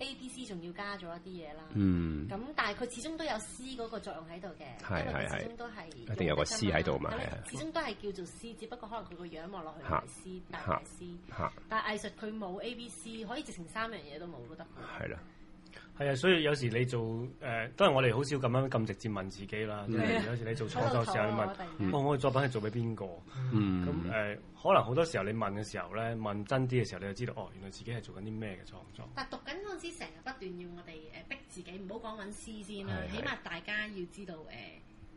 A、B、C 仲要加咗一啲嘢啦。嗯。咁但係佢始終都有 C 嗰個作用喺度嘅。係係係。始終都係一定有個 C 喺度嘛。始終都係叫做 C，只不過可能佢個樣望落去係 C，但係 C。嚇！但係藝術佢冇 A、B、C，可以直情三樣嘢都冇都得。係啦。係啊，所以有時你做誒，當然我哋好少咁樣咁直接問自己啦。有時你做創作時候，你問我嘅作品係做俾邊個？咁誒，可能好多時候你問嘅時候咧，問真啲嘅時候，你就知道哦，原來自己係做緊啲咩嘅創作。但係讀緊嗰陣時，成日不斷要我哋誒逼自己，唔好講緊 C 先啦。起碼大家要知道誒，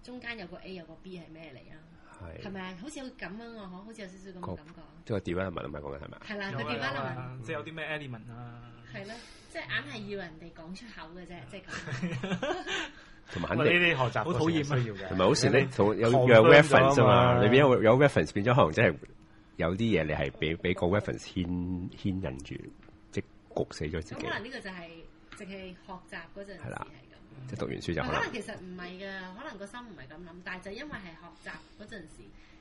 中間有個 A 有個 B 係咩嚟啊？係咪？好似有咁樣個好似有少少咁嘅感覺。即係調音文唔係講緊係咪啊？係啦，個調音文即係有啲咩 element 啊？係啦。即係硬係要人哋講出口嘅啫，即係咁。同埋呢啲學習好討厭啊！同埋好時咧，同有 reference 嘛，裏邊有有 reference 變咗，可能真係有啲嘢你係俾俾個 reference 牽牽引住，即焗死咗自己。可能呢個就係，就係學習嗰陣時係咁。即係的讀完書就可能，可能其實唔係噶，可能個心唔係咁諗，但係就因為係學習嗰陣時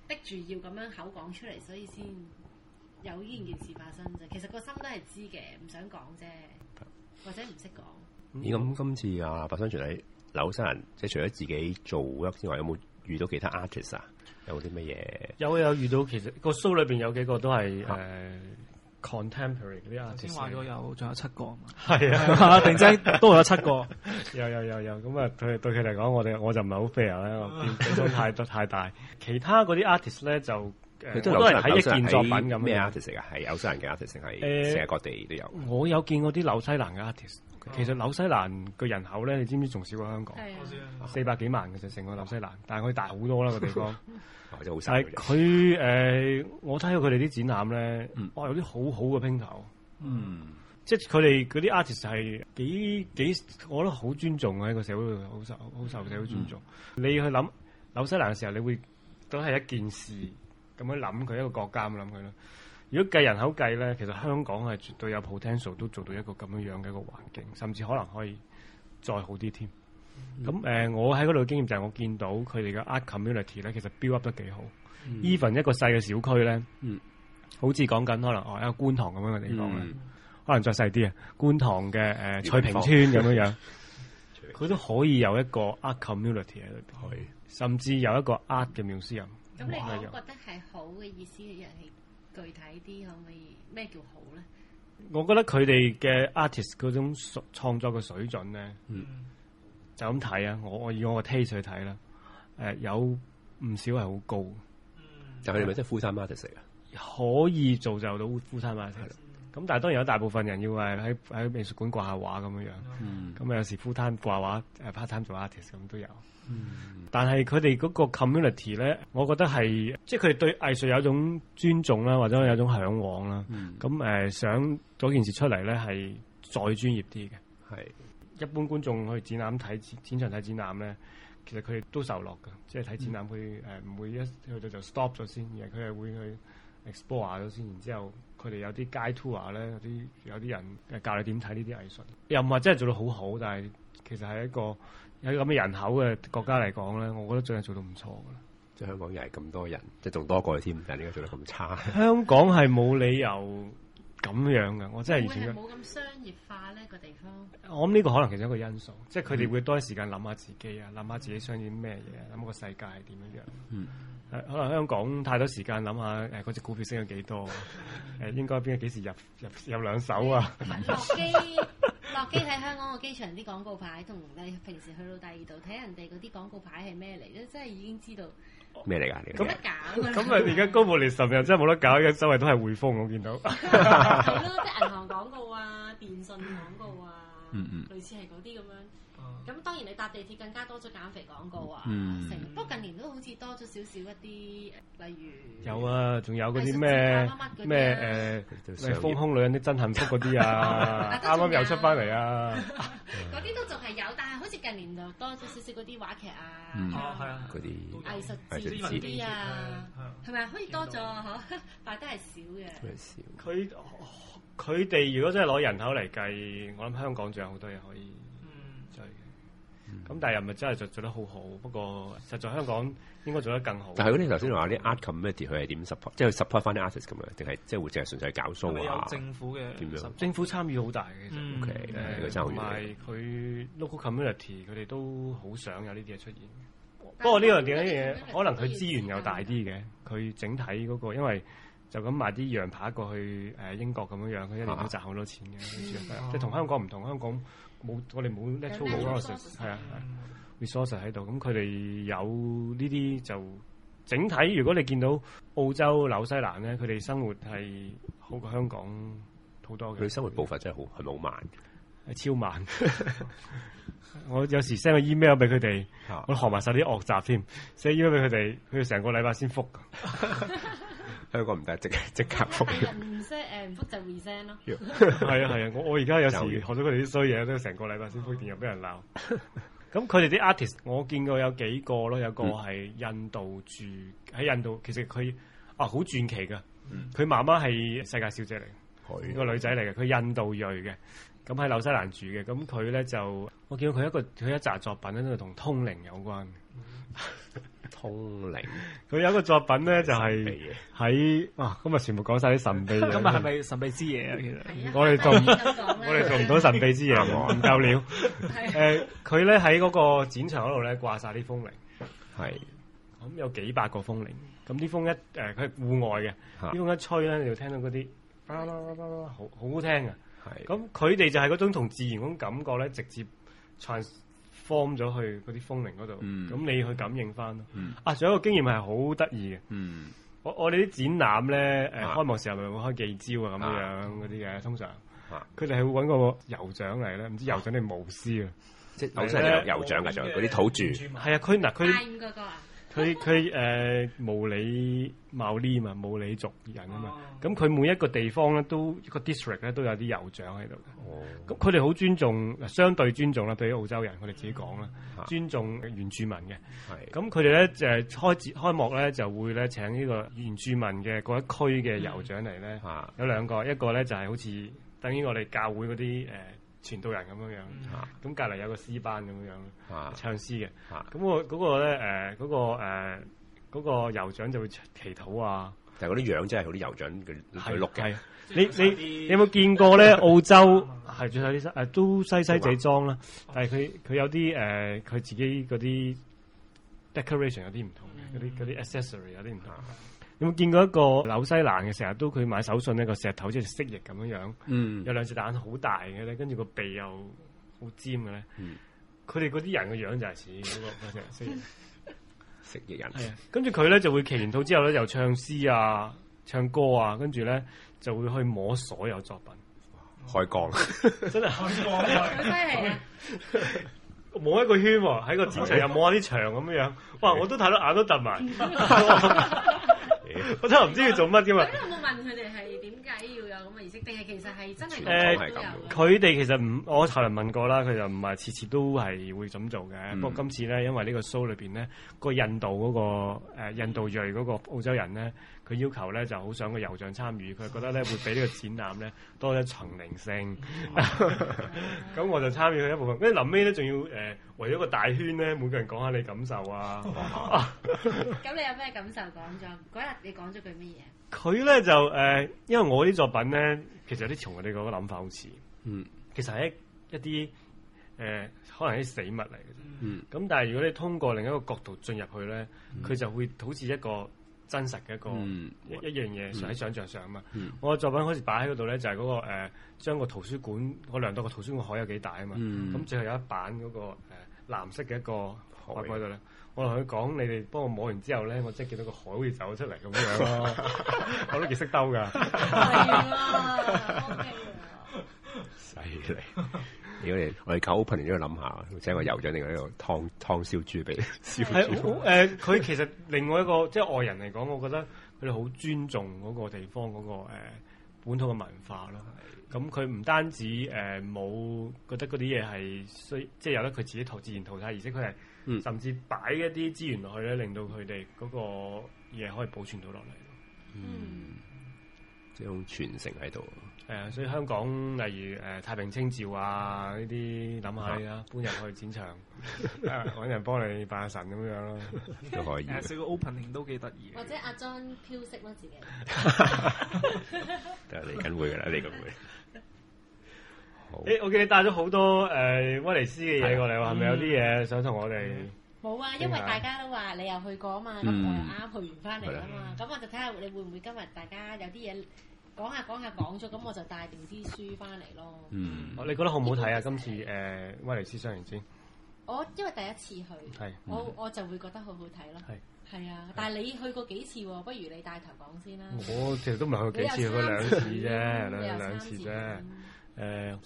逼住要咁樣口講出嚟，所以先有呢件事發生啫。其實個心都係知嘅，唔想講啫。或者唔識講？咦、嗯，咁、 哎、今次啊，白雙全喺紐西蘭，即係除咗自己做 work 之外，有冇遇到其他 artist 啊？有啲乜嘢？有有遇到，其實個 show 裏邊有幾個都係誒 contemporary 嗰啲 artist。先話咗有，仲有七個啊嘛。係啊，定製都係有七個。啊啊、有有有 有，咁啊、嗯嗯，對對佢嚟講，我哋我就唔係好 fair 咧，變咗太多太大。 其他嗰啲 artist 咧就。 都多睇一件作品咁咩 artist 啊？係紐西蘭嘅 artist 係成日各地都有。呃、我有見過啲紐西蘭嘅 artist。其實紐西蘭個人口咧，你知唔知仲少過香港？四百幾萬嘅啫，成個紐西蘭，啊、但係佢大好多啦個地方。係好、 哦、但係佢誒，我睇佢哋啲展覽咧，哇、哦！有啲好好嘅拼頭。嗯。即係佢哋嗰啲 artist 係幾幾，我覺得好尊重喺個社會度，好受好受社會尊重。嗯、你去諗紐西蘭嘅時候，你會都係一件事。咁樣諗佢一個國家咁諗佢啦。如果計人口計咧，其實香港係絕對有 potential 都做到一個咁樣樣嘅一個環境，甚至可能可以再好啲添。咁誒、嗯呃，我喺嗰度經驗就係我見到佢哋嘅 art community 咧，其實 build up 得幾好。even、嗯、一個細嘅小區咧，嗯、好似講緊可能哦一個觀塘咁樣嘅地方、嗯、可能再細啲啊，觀塘嘅誒翠屏村咁樣樣，佢 害都可以有一個 art community 喺度，可以甚至有一個 art 嘅 museum。咁你可覺得係好嘅意思係具體啲可唔可以咩叫好咧？我覺得佢哋嘅 artist 嗰種創作嘅水準咧，嗯，就咁睇啊！我我以我個 taste 去睇啦。誒，有唔少係好高，嗯、就係咪即係 full time artist 嚟嘅？可以造就到 full time artist，咁、嗯、但係當然有大部分人要係喺喺美術館掛下畫咁樣樣，嗯時，咁有 full time 掛畫誒 part time 做 artist 咁都有。嗯，嗯但係佢哋嗰個 community 咧，我覺得係即係佢哋對藝術有一種尊重啦，或者有一種向往啦。咁誒、嗯呃，想嗰件事出嚟咧，係再專業啲嘅。係，一般觀眾去展覽睇展,展場睇展覽咧，其實佢哋都受落噶。即係睇展覽佢誒唔會一去到就 stop 咗先，而係佢係會去 explore 咗先。然之後佢哋有啲 guide tour 咧，有啲有啲人誒教你點睇呢啲藝術。又唔係真係做得好好，但係其實係一個。有咁嘅人口嘅國家嚟講咧，我覺得最係做到唔錯噶啦。即係香港又係咁多人，即係仲多過添，但係點解做得咁差？香港係冇理由咁樣噶，我真係完全冇咁商業化咧、個地方。我諗呢個可能其中一個因素，即係佢哋會多啲時間諗下自己啊，諗下自己想啲咩嘢，諗個世界係點樣。嗯，可能香港太多時間諗下誒嗰隻股票升咗幾多，誒 應該邊個幾時入入入兩手啊？ 落機喺香港嘅機場啲廣告牌，同你平時去到第二度睇人哋嗰啲廣告牌係咩嚟咧？即係已經知道咩嚟㗎？咁得搞㗎。咁啊，而家高富獵十日真係冇得搞嘅，周圍都係匯豐，我見到。係咯，啲、即係、銀行廣告啊，電信廣告啊，嗯嗯類似係嗰啲咁樣。咁當然你搭地鐵更加多咗減肥廣告啊，嗯不過近年都好似多咗少少一啲，例如有啊，仲有嗰啲咩咩誒，咩豐胸女人啲真幸福嗰啲啊，啱啱又出翻嚟啊！嗰啲都仲係有，但係好似近年就多咗少少嗰啲話劇啊，嗯，係啊，嗰啲藝術字啲啊，係咪可以多咗嗬，但係都係少嘅，少。佢佢哋如果真係攞人口嚟計，我諗香港仲有好多嘢可以。咁但係又唔係真係做做得好好，不過實在香港應該做得更好。但係嗰啲頭先話啲 Art Community 佢係點 support？即係 support 翻啲 artist 咁樣，定係即係會淨係純粹搞 show 啊？有政府嘅點樣政府參與好大嘅。O.K. 同埋佢 Local Community 佢哋都好想有呢啲嘢出現。不過呢樣嘢可能佢資源又大啲嘅，佢整體嗰個因為就咁賣啲羊扒過去誒英國咁樣樣，佢一年都賺好多錢嘅。即係同香港唔同香港。冇，我哋冇叻粗佬咯，係啊，resource 喺度。咁佢哋有呢啲就整體。如果你見到澳洲紐西蘭咧，佢哋生活係好過香港好多嘅。佢生活步伐真係好係咪好慢？係超慢。 我有時 send 個 email 俾佢哋，我學埋晒啲惡習添，send email 俾佢哋，佢哋成個禮拜先覆。 香港唔得，即即刻復。唔識誒，唔複雜 r e a s 咯。 係啊係啊，我我而家有時學咗佢哋啲衰嘢，都成個禮拜先復電，又俾、哦、人鬧。咁佢哋啲 artist，我見過有幾個咯，有個係印度住喺印度，其實佢啊好傳奇嘅。佢、嗯、媽媽係世界小姐嚟，個女仔嚟嘅。佢印度裔嘅，咁喺、嗯、紐西蘭住嘅。咁佢咧就，我見到佢一個佢一集作品咧都係同通靈有關。嗯通靈，佢有一個作品咧就係喺，哇！今日全部講晒啲神秘嘅嘢。 今日係咪神秘之嘢啊？ 其實我哋做， 我哋做唔到神秘之嘢，啊，唔夠料。誒、 嗯，佢咧喺嗰個展場嗰度咧掛晒啲風鈴，係是，咁，嗯，有幾百個風鈴，咁啲風一誒，佢係戶外嘅，啲風一吹咧，你就聽到嗰啲，好好好聽啊！咁佢哋就係嗰種同自然嗰種感覺咧，直接 form 咗去嗰啲風鈴嗰度，咁、嗯、你去感應翻咯。嗯、啊，仲有一個經驗係好得意嘅。我我哋啲展覽咧，誒、啊呃、開幕時候咪會開記招啊咁樣樣啲嘅，通常。吓，佢哋係會揾個酋長嚟咧，唔知酋長定巫師啊？即係好似土著酋長嘅，嗰啲土著。係啊、嗯，佢嗱佢。嗯嗯嗯嗯嗯嗯嗯佢佢、呃、理毛里毛利嘛，毛利族人啊嘛，咁佢、哦、每一個地方咧都一個 district 咧都有啲酋長喺度。哦，咁佢哋好尊重，相對尊重啦，對於澳洲人，佢哋自己講啦，嗯、尊重原住民嘅。係是，咁佢哋咧就係開揭開幕咧就會咧請呢個原住民嘅嗰一區嘅酋長嚟咧，嗯、有兩個，啊、一個咧就係好似等於我哋教會嗰啲誒。呃傳道人咁樣樣，咁隔籬有個詩班咁樣咯，啊、唱詩嘅。咁我嗰個咧，誒、呃，嗰、那個誒，嗰、呃那個酋長就會祈禱啊。但係嗰啲樣真係好啲酋長佢錄嘅。啊。 你你，你有冇見過咧？澳洲係着晒啲誒都西西仔裝啦。但係佢佢有啲誒，佢、呃、自己嗰啲 decoration 有啲唔同嘅，嗰啲嗰啲 accessory 有啲唔同。啊有冇見過一個紐西蘭嘅成日都佢買手信呢個石頭即係蜥蜴咁樣樣，有兩隻眼好大嘅咧，跟住個鼻又好尖嘅咧，佢哋嗰啲人嘅樣就係似嗰個蜥蜴人，跟住佢咧就會祈完禱之後咧又唱詩啊，唱歌啊，跟住咧就會去摸所有作品，開光，真係開光，真係摸一個圈喺個展場又摸下啲牆咁樣樣，哇，我都睇到眼都突埋。 我真係唔知要做乜嘅嘛。咁有冇問佢哋係點解要有咁嘅儀式？定係其實係真係誒？佢哋其實唔，我頭嚟問過啦。佢就唔係次次都係會咁做嘅。嗯、不過今次咧，因為呢個 show 裏邊咧，個印度嗰、嗰個印度裔嗰個澳洲人咧。佢要求咧就好想個油像參與，佢覺得咧會俾呢個展覽咧多一層靈性。咁 我就參與佢一部分。跟住臨尾咧，仲要誒圍咗個大圈咧，每個人講下你感受啊。咁 你有咩感受講咗？嗰日你講咗句乜嘢？佢咧就誒、呃，因為我啲作品咧，其實有啲同我哋個諗法好似。嗯。其實係一啲誒、呃，可能係啲死物嚟嘅。嗯。咁但係如果你通過另一個角度進入去咧，佢就會好似一個。真實嘅一個、嗯、一一樣嘢，喺想像上啊嘛。嗯、我作品開始擺喺嗰度咧，就係嗰個誒，將個圖書館我量到個圖書館海有幾大啊嘛。咁、嗯、最後有一版嗰、那個誒、呃、藍色嘅一個海喺度咧，海我同佢講：你哋幫我摸完之後咧，我即係見到個海好似走出嚟咁樣咯。 我都幾識兜㗎。係 啊，犀利。 我哋我哋靠 open 嚟咁樣諗下，請一個遊人嚟嗰度湯湯燒豬俾燒誒，佢 豬、呃、其實另外一個即係外人嚟講，我覺得佢哋好尊重嗰個地方嗰、嗰個誒、呃、本土嘅文化咯。咁佢唔單止誒冇、呃、覺得嗰啲嘢係，所即係由得佢自己淘自然淘汰，而且佢係甚至擺一啲資源落去咧，令到佢哋嗰個嘢可以保存到落嚟。嗯，嗯、即係好傳承喺度。係啊、嗯，所以香港例如誒、呃、太平清醮啊呢啲諗下你啊，搬入去展場，揾、啊、 人幫你拜下神咁樣咯、啊，都 可以。誒，成個 opening 都幾得意。或者阿 John 飄色乜自己？都嚟緊會㗎啦，嚟緊會。誒，我見你帶咗好多誒、呃、威尼斯嘅嘢過嚟喎，係咪、嗯、有啲嘢想同我哋？冇啊、嗯，嗯、因為大家都話你又去過啊嘛，咁、嗯、我又啱去完翻嚟啊嘛，咁了我就睇下你會唔會今日大家有啲嘢。講下講下講咗，咁我就帶定啲書翻嚟咯。嗯，你覺得好唔好睇啊？今次誒威尼斯雙年展，我因為第一次去，我我就會覺得好好睇咯。係係啊，但係你去過幾次喎？不如你帶頭講先啦。我其實都唔係去過幾次，去過兩次啫，兩兩次啫。誒，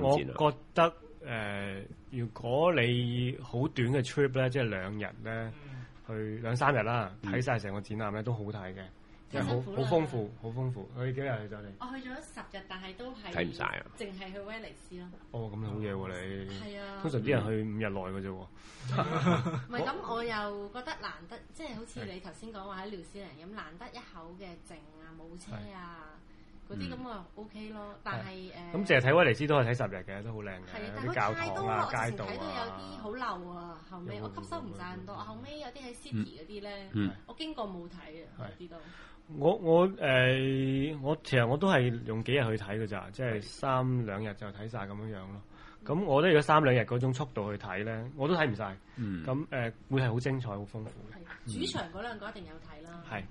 我我覺得誒，如果你好短嘅 trip 咧，即係兩日咧，去兩三日啦，睇晒成個展覽咧，都好睇嘅。好豐富，好豐富。佢幾日去咗你？我去咗十日，但係都係睇唔晒啊！淨係去威尼斯咯。哦，咁好嘢喎！你係啊？通常啲人去五日內嘅啫喎。唔係，咁我又覺得難得，即係好似你頭先講話喺遼寧嚟咁，難得一口嘅靜啊，冇車啊，嗰啲咁啊 OK 咯。但係誒咁淨係睇威尼斯都係睇十日嘅，都好靚嘅啲教堂啊、街道啊。我睇都落，我睇到有啲好漏啊。後尾我吸收唔晒咁多，後尾有啲喺 City 嗰啲咧，我經過冇睇啊知道。我我誒我其實我都係用幾日去睇㗎咋，即係三兩日就睇晒咁樣樣咯。咁我都如果三兩日嗰種速度去睇咧，我都睇唔晒。咁誒會係好精彩、好豐富嘅。主場嗰兩個一定有睇啦。係，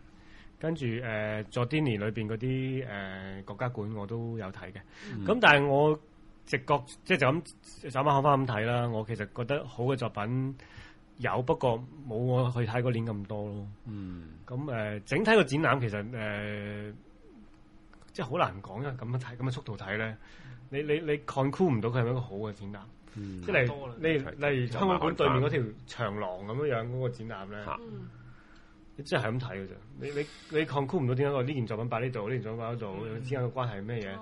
跟住誒，Giardini 裏邊嗰啲誒國家館我都有睇嘅。咁但係我直覺即係就咁稍微看翻咁睇啦。我其實覺得好嘅作品。有，不過冇我去睇嗰年咁多咯。嗯，咁誒，整體個展覽其實誒，即係好難講，因為咁樣睇，咁嘅速度睇咧，你你你 control 唔到佢係咪一個好嘅展覽？嗯，即係例如例如，香港館對面嗰條長廊咁樣樣嗰個展覽咧，嗯，你真係咁睇嘅啫。你你你 control 唔到點解我呢件作品擺呢度，呢件作品擺嗰度，之間嘅關係係咩嘢？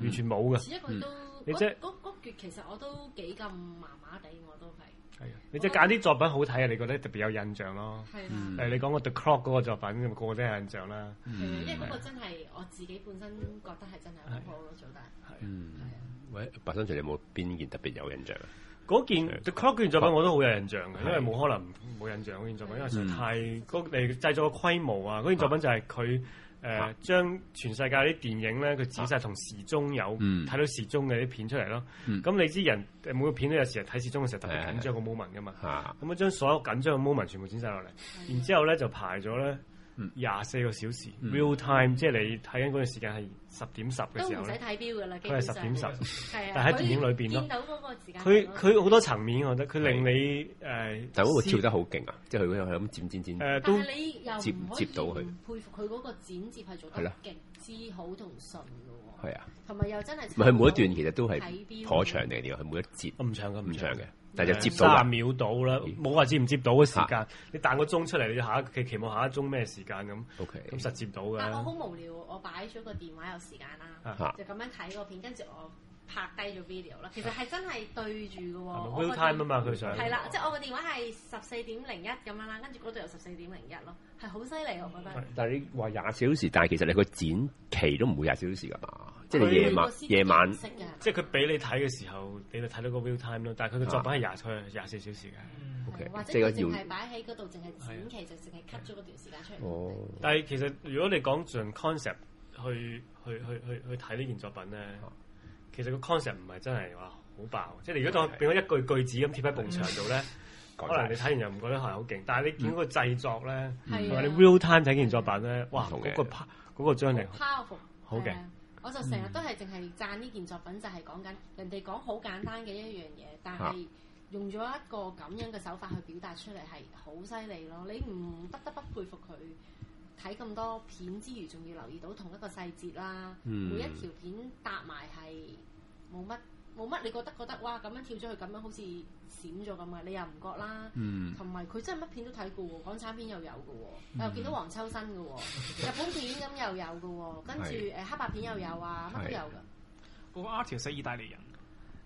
完全冇嘅。一個都，你即係嗰嗰橛，其實我都幾咁麻麻地，我都係。係，你即係揀啲作品好睇啊！你覺得特別有印象咯。係，誒，你講個 The Clock 嗰個作品，咁個個都有印象啦。係，因為嗰個真係我自己本身覺得係真係好好做嘅。係，係啊。喂，白生長，你有冇邊件特別有印象啊？嗰件 The Clock 件作品我都好有印象嘅，因為冇可能冇印象嗰件作品，因為太你嚟製作嘅規模啊，嗰件作品就係佢。誒，將、呃啊、全世界啲電影咧，佢展曬同時鐘有睇到時鐘嘅啲片出嚟咯。咁、嗯嗯、你知人誒，每個片都有時睇時鐘嘅時候特別緊張個 moment 噶嘛？咁啊將、啊、所有緊張嘅 moment 全部剪曬落嚟，然之後咧就排咗咧。廿四個小時，real time，即係你睇緊嗰段時間係十點十嘅時候唔使睇錶㗎啦，佢係十點十，係啊，但係喺電影裏邊咯，佢佢好多層面，我覺得佢令你誒，就嗰個跳得好勁啊！即係佢佢係咁漸漸漸，誒都接接唔到佢，佩服佢嗰個剪接係做得極之好同順嘅喎，係啊，同埋又真係，唔係佢每一段其實都係頗長定點？佢每一節唔唱嘅，唔長嘅。但係就接到，卅秒到啦，冇話 Okay. 接唔接到嘅時間。的你彈個鐘出嚟，你下一期期望下一鐘咩時，時間咁？OK，咁實接到㗎。Okay. 但我好無聊，我擺咗個電話有時間啦，就咁樣睇個片，跟住我。拍低咗 video 啦，其實係真係對住嘅喎。係咪？real time 啊嘛，佢想係啦，即係我個電話係十四點零一咁樣啦，跟住嗰度有十四點零一咯，係好犀利，我覺得。但係你話廿小時，但係其實你個展期都唔會廿小時㗎嘛。即係夜晚夜晚，即係佢俾你睇嘅時候，你就睇到個 real time 咯。但係佢嘅作品係廿七廿四小時嘅。OK，或者佢淨係擺喺嗰度，淨係展期，就淨係 cut 咗嗰段時間出嚟。但係其實如果你講盡 concept 去去去去去睇呢件作品咧。其實個 concept 唔係真係哇好爆，即係你如果當變咗一句句子咁貼喺埲牆度咧，的可能你睇完又唔覺得係好勁。嗯、但係你見嗰個製作咧，同埋、嗯嗯、你 real time 睇件作品咧，嗯、哇！嗰、那個嗰、那個張力，好 powerful，好嘅的。Uh, 我就成日都係淨係讚呢件作品，就係、是、講緊人哋講好簡單嘅一樣嘢，但係用咗一個咁樣嘅手法去表達出嚟係好犀利咯。你唔不得不佩服佢睇咁多片之餘，仲要留意到同一個細節啦。每一條片搭埋係。冇乜冇乜，你覺得覺得哇咁樣跳咗去，咁樣好似閃咗咁嘅，你又唔覺啦。同埋佢真係乜片都睇過喎，港產片又有嘅喎，又見到黃秋生嘅喎，日本片咁又有嘅喎，跟住誒黑白片又有啊，乜都有嘅。個 artist 意大利人，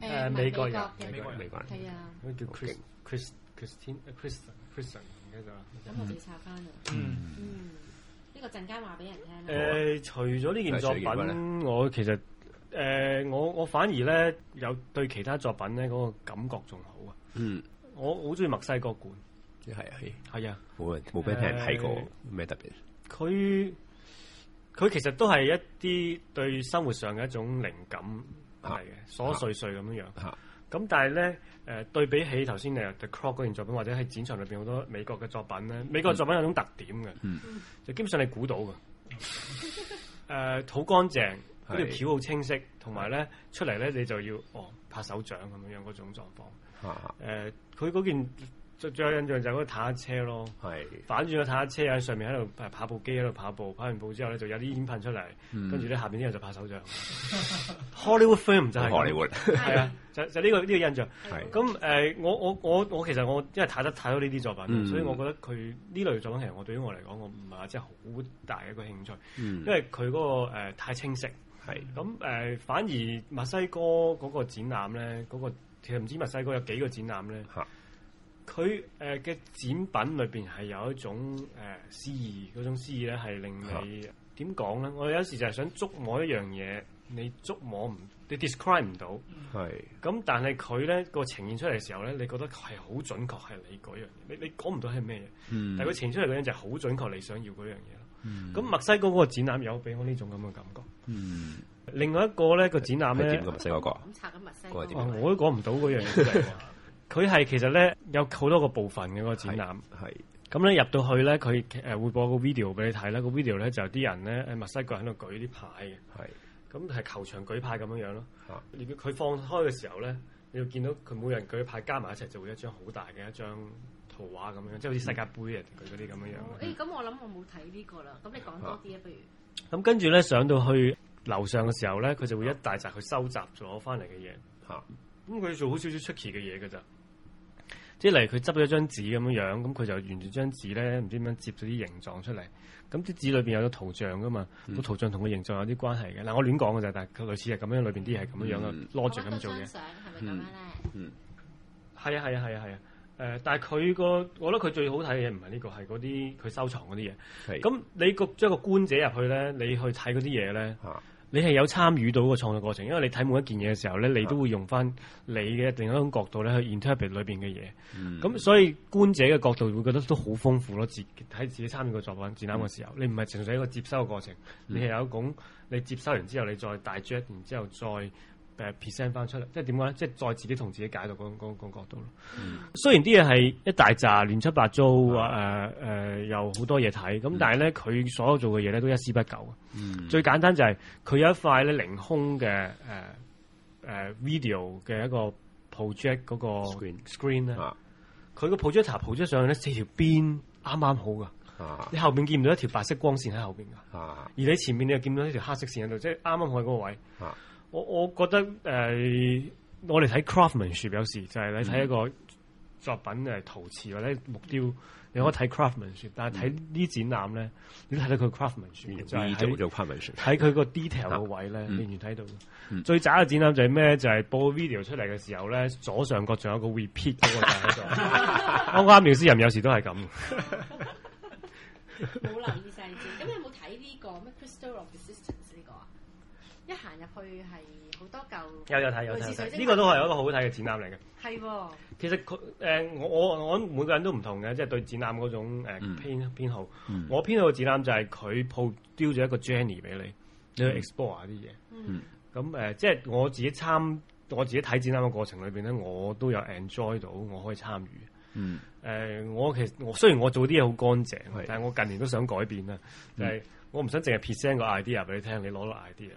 誒美國人，美國美國係啊，佢叫 Chris，Chris，Chris，Christian，唔記得咗啦。咁我哋查翻啊。嗯，呢個陣間話俾人聽。誒，除咗呢件作品，我其實。誒、呃，我我反而咧有對其他作品咧嗰個感覺仲好啊，嗯嗯。嗯，我好中意墨西哥館。係啊，係啊，冇人冇俾人睇過，咩特別？佢佢其實都係一啲對生活上嘅一種靈感係嘅瑣碎碎咁樣樣。咁哈但係咧，誒、呃、對比起頭先你誒 The Clock 嗰件作品，或者喺展場裏邊好多美國嘅作品咧，美國作品有種特點嘅，嗯嗯、就基本上你估到嘅。誒、嗯，好乾淨。佢條橋好清晰，同埋咧出嚟咧你就要哦拍手掌咁樣嗰種狀況。啊！佢嗰、呃、件最最有印象就係嗰架車咯，係是反轉咗架車喺上面喺度跑步機喺度跑步，跑完步之後咧就有啲煙噴出嚟，跟住咧下面邊啲人就拍手掌。Hollywood frame 就係。Hollywood 係利 啊，就就呢、呢個呢、呢個印象。係咁誒，我我我我其實我因為睇得太多呢啲作品，嗯、所以我覺得佢呢類作品其實我對於我嚟講，我唔係話真係好大一個興趣。因為佢嗰、嗰個、呃、太清晰。係咁誒反而墨西哥個展覽咧，嗰個，其實唔知墨西哥有幾個展覽咧。吓、啊，佢誒嘅展品裏邊係有一種誒詩意，呃、種詩意咧係令你點講咧？我有時就係想捉摸一樣嘢，你捉摸唔，你 describe 唔到。係、嗯，咁、嗯、但係佢咧個呈現出嚟嘅時候咧，你覺得係好準確係你樣嘢，你你講唔到係咩嘢？嗯。但係佢呈現出嚟嗰嘢就係好準確你想要樣嘢。咁墨、嗯、西哥嗰個展覽有俾我呢種咁嘅感覺。嗯，另外一個咧、嗰個展覽咧點嘅墨西哥、嗰個哦、我都講唔到嗰樣嘢。佢係其實咧有好多個部分嘅、嗰個展覽。係咁咧，入到去咧，佢誒會播個 video 俾你睇啦。嗰個 video 咧就有啲人咧喺墨西哥喺度舉啲牌嘅。係咁係球場舉牌咁樣樣咯。嚇、啊！佢放開嘅時候咧，你會見到佢每人舉牌加埋一齊就會一張好大嘅一張。咁樣，即係好似世界杯啊，佢嗰啲咁樣樣。誒，咁我諗我冇睇呢個啦，咁你講多啲啊，不如。咁跟住咧，上到去樓上嘅時候咧，佢就會一大紮去收集咗翻嚟嘅嘢。吓，咁佢做好少少出奇嘅嘢噶咋？即係嚟佢執咗張紙咁樣樣，咁佢就沿住張紙咧，唔知點樣摺咗啲形狀出嚟。咁啲紙裏邊有咗圖像噶嘛？個圖像同個形狀有啲關係嘅。嗱，我亂講嘅就係，但係類似係咁樣，裏邊啲嘢係咁樣樣咯 logic 咁做嘅。翻相係咪咁樣咧？嗯，係啊，係啊，係啊，係啊。誒、呃，但係佢個，我覺得佢最好睇嘅嘢唔係呢個，係嗰啲佢收藏嗰啲嘢。係是。咁你局將個觀者入去咧，你去睇嗰啲嘢咧，啊、你係有參與到個創作過程，因為你睇每一件嘢嘅時候咧，你都會用翻你嘅另一種角度咧去 interpret 裏邊嘅嘢。咁、嗯、所以觀者嘅角度會覺得都好豐富咯，自喺自己參與個作品、展覽嘅時候，嗯、你唔係純粹一個接收嘅過程，嗯、你係有講你接收完之後，你再大嚼，然之後再。誒 percent 翻出嚟，即係點講咧？即係再自己同自己解讀嗰種角度咯。雖然啲嘢係一大紮亂七八糟，誒誒，又好多嘢睇。咁但係咧，佢所有做嘅嘢咧都一絲不苟。最簡單就係佢有一塊咧凌空嘅誒誒 video 嘅一個 project 嗰個 screen 咧，佢個 projector project 上去咧四條邊啱啱好噶。你後面見唔到一條白色光線喺後邊噶，而你前面你又見到一條黑色線喺度，即係啱啱好喺嗰個位。我我覺得誒、呃，我哋睇 craftmanship 有時就係、是、你睇一個作品誒、呃，陶瓷或者木雕，你可以睇 craftmanship 但係睇呢展覽咧，你睇到佢 craftmanship 就係睇佢個 detail 嘅位咧，完全睇到。最渣嘅展覽就係咩？就係、是、播個 video 出嚟嘅時候咧，左上角仲有個 repeat 嗰個掣喺度。我啱啱瞄視人，有時都係咁。 冇留意細節。咁你有冇睇呢個咩 Crystal of the system 行入去係好多舊，有有睇有睇，呢個都係一個好好睇嘅展覽嚟嘅。係，其實佢誒、呃，我我我每個人都唔同嘅，即係對展覽嗰種誒偏、呃嗯、偏好。嗯、我偏好嘅展覽就係佢鋪丟咗一個 journey 俾你去 explore 啲嘢。咁誒、嗯嗯呃，即係我自己參，我自己睇展覽嘅過程裏邊咧，我都有 enjoy 到，我可以參與。誒、嗯呃，我其實我雖然我做啲嘢好乾淨，是的 但係我近年都想改變啦。就係、是、我唔想淨係 present 個 idea 俾你聽，你攞到 idea。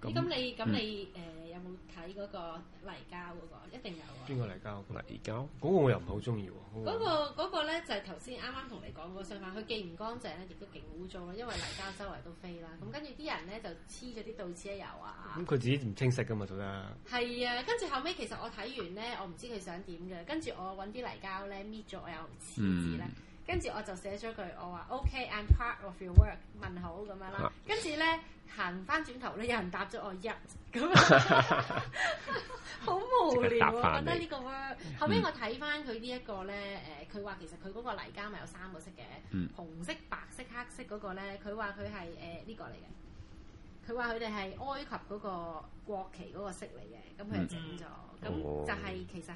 咁、嗯、你咁你誒有冇睇嗰個泥膠嗰、那個？一定有啊！邊個泥膠？泥膠嗰、那個我又唔、係、好中意喎。嗰、那個嗰咧、那個、就係頭先啱啱同你講嗰個相反，佢既唔乾淨咧，亦都勁污糟啦。因為泥膠周圍都飛啦。咁跟住啲人咧就黐咗啲到此一遊啊。咁佢、嗯、自己唔清晰噶嘛，做啦。係啊，跟住後尾，其實我睇完咧，我唔知佢想點嘅。跟住我搵啲泥膠咧，搣咗又黐住咧。嗯跟住我就寫咗句我話 OK I'm part of your work 問好咁樣啦，跟住咧行翻轉頭咧有人答咗我 yet 咁，樣 好無聊啊！覺得個我個呢個 w o 後尾我睇翻佢呢一個咧誒，佢、呃、話其實佢嗰個泥膠咪有三個色嘅，嗯、紅色、白色、黑色嗰個咧，佢話佢係誒呢個嚟嘅，佢話佢哋係埃及嗰個國旗嗰個色嚟嘅，咁佢整咗，咁、嗯、就係、是哦哦、其實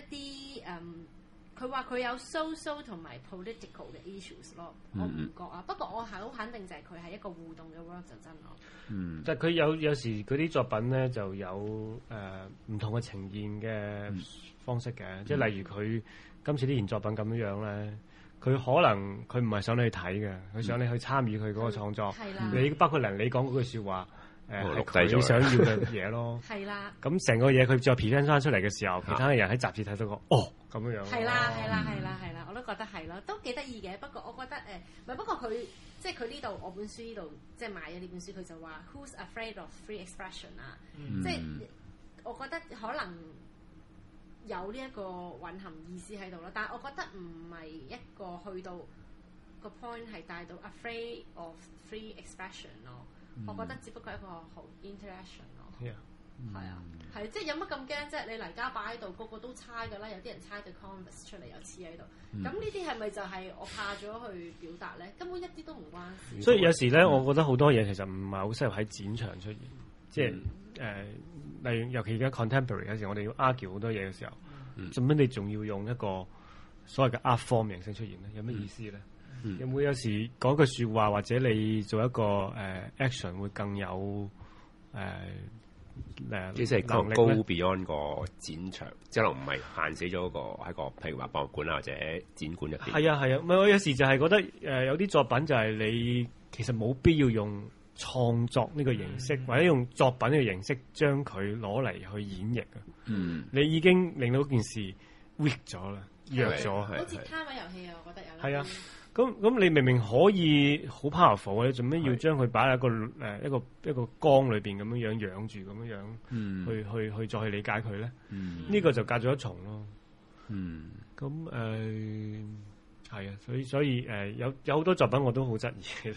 係一啲誒。嗯佢話佢有 social 同埋 political 嘅 issues 咯、嗯，我唔覺啊。不過我係好肯定就係佢係一個互動嘅 work 就真咯。嗯，但係佢有有時佢啲作品咧就有誒、呃、唔同嘅呈現嘅方式嘅，即係、嗯、例如佢今次啲原作品咁樣樣咧，佢可能佢唔係想你去睇嘅，佢想你去參與佢嗰個創作。係啦、嗯，你包括例如你講嗰句説話。誒，佢、呃、想要嘅嘢咯，係 啦。咁成個嘢佢再 present 返出嚟嘅時候，其他嘅人喺雜誌睇到個哦咁樣樣、啊。係啦，係啦，係啦，係啦，我都覺得係咯，都幾得意嘅。不過我覺得誒，唔係不過佢即係佢呢度我本書呢度即係買咗呢本書佢就話 Who's afraid of free expression 啊，嗯、即係我覺得可能有呢一個隱含意思喺度咯，但係我覺得唔係一個去到個 point 係帶到 afraid of free expression 咯、嗯。我覺得只不過係一個好 interaction 咯，係啊 Yeah.、mm，係啊，係，即係有乜咁驚？即係你嚟家擺喺度，個個都猜㗎啦，有啲人猜對 canvas 出嚟，有黐喺度。咁呢啲係咪就係我怕咗去表達咧？根本一啲都唔關事。所以有時咧，我覺得好多嘢其實唔係好適合喺展場出現，mm hmm. 即係誒，例、呃、如尤其而家 contemporary 有時我哋要 argue 好多嘢嘅時候，做乜、mm hmm. 你仲要用一個所謂嘅 art form 形式出現咧？有乜意思咧？Mm hmm. 有冇有時講句説話，或者你做一個誒 action 會更有誒誒，其實係高 beyond 個展場，即係唔係限死咗個喺個譬如話博物館啊或者展館入邊？係啊係啊，唔係我有時就係覺得誒有啲作品就係你其實冇必要用創作呢個形式，或者用作品呢個形式將佢攞嚟去演繹啊。嗯，你已經令到件事 weak 咗啦，弱咗係。好似攤位遊戲啊，我覺得有。係啊。咁咁，你明明可以好 powerful 嘅，做咩要將佢擺喺個誒一個、呃、一、個一個缸裏邊咁樣樣養住，咁樣樣去、嗯、去去、去再去理解佢咧？呢、嗯、個就隔咗一重咯。嗯，咁誒係啊，所以所以誒、呃、有有好多作品我都好質疑嘅。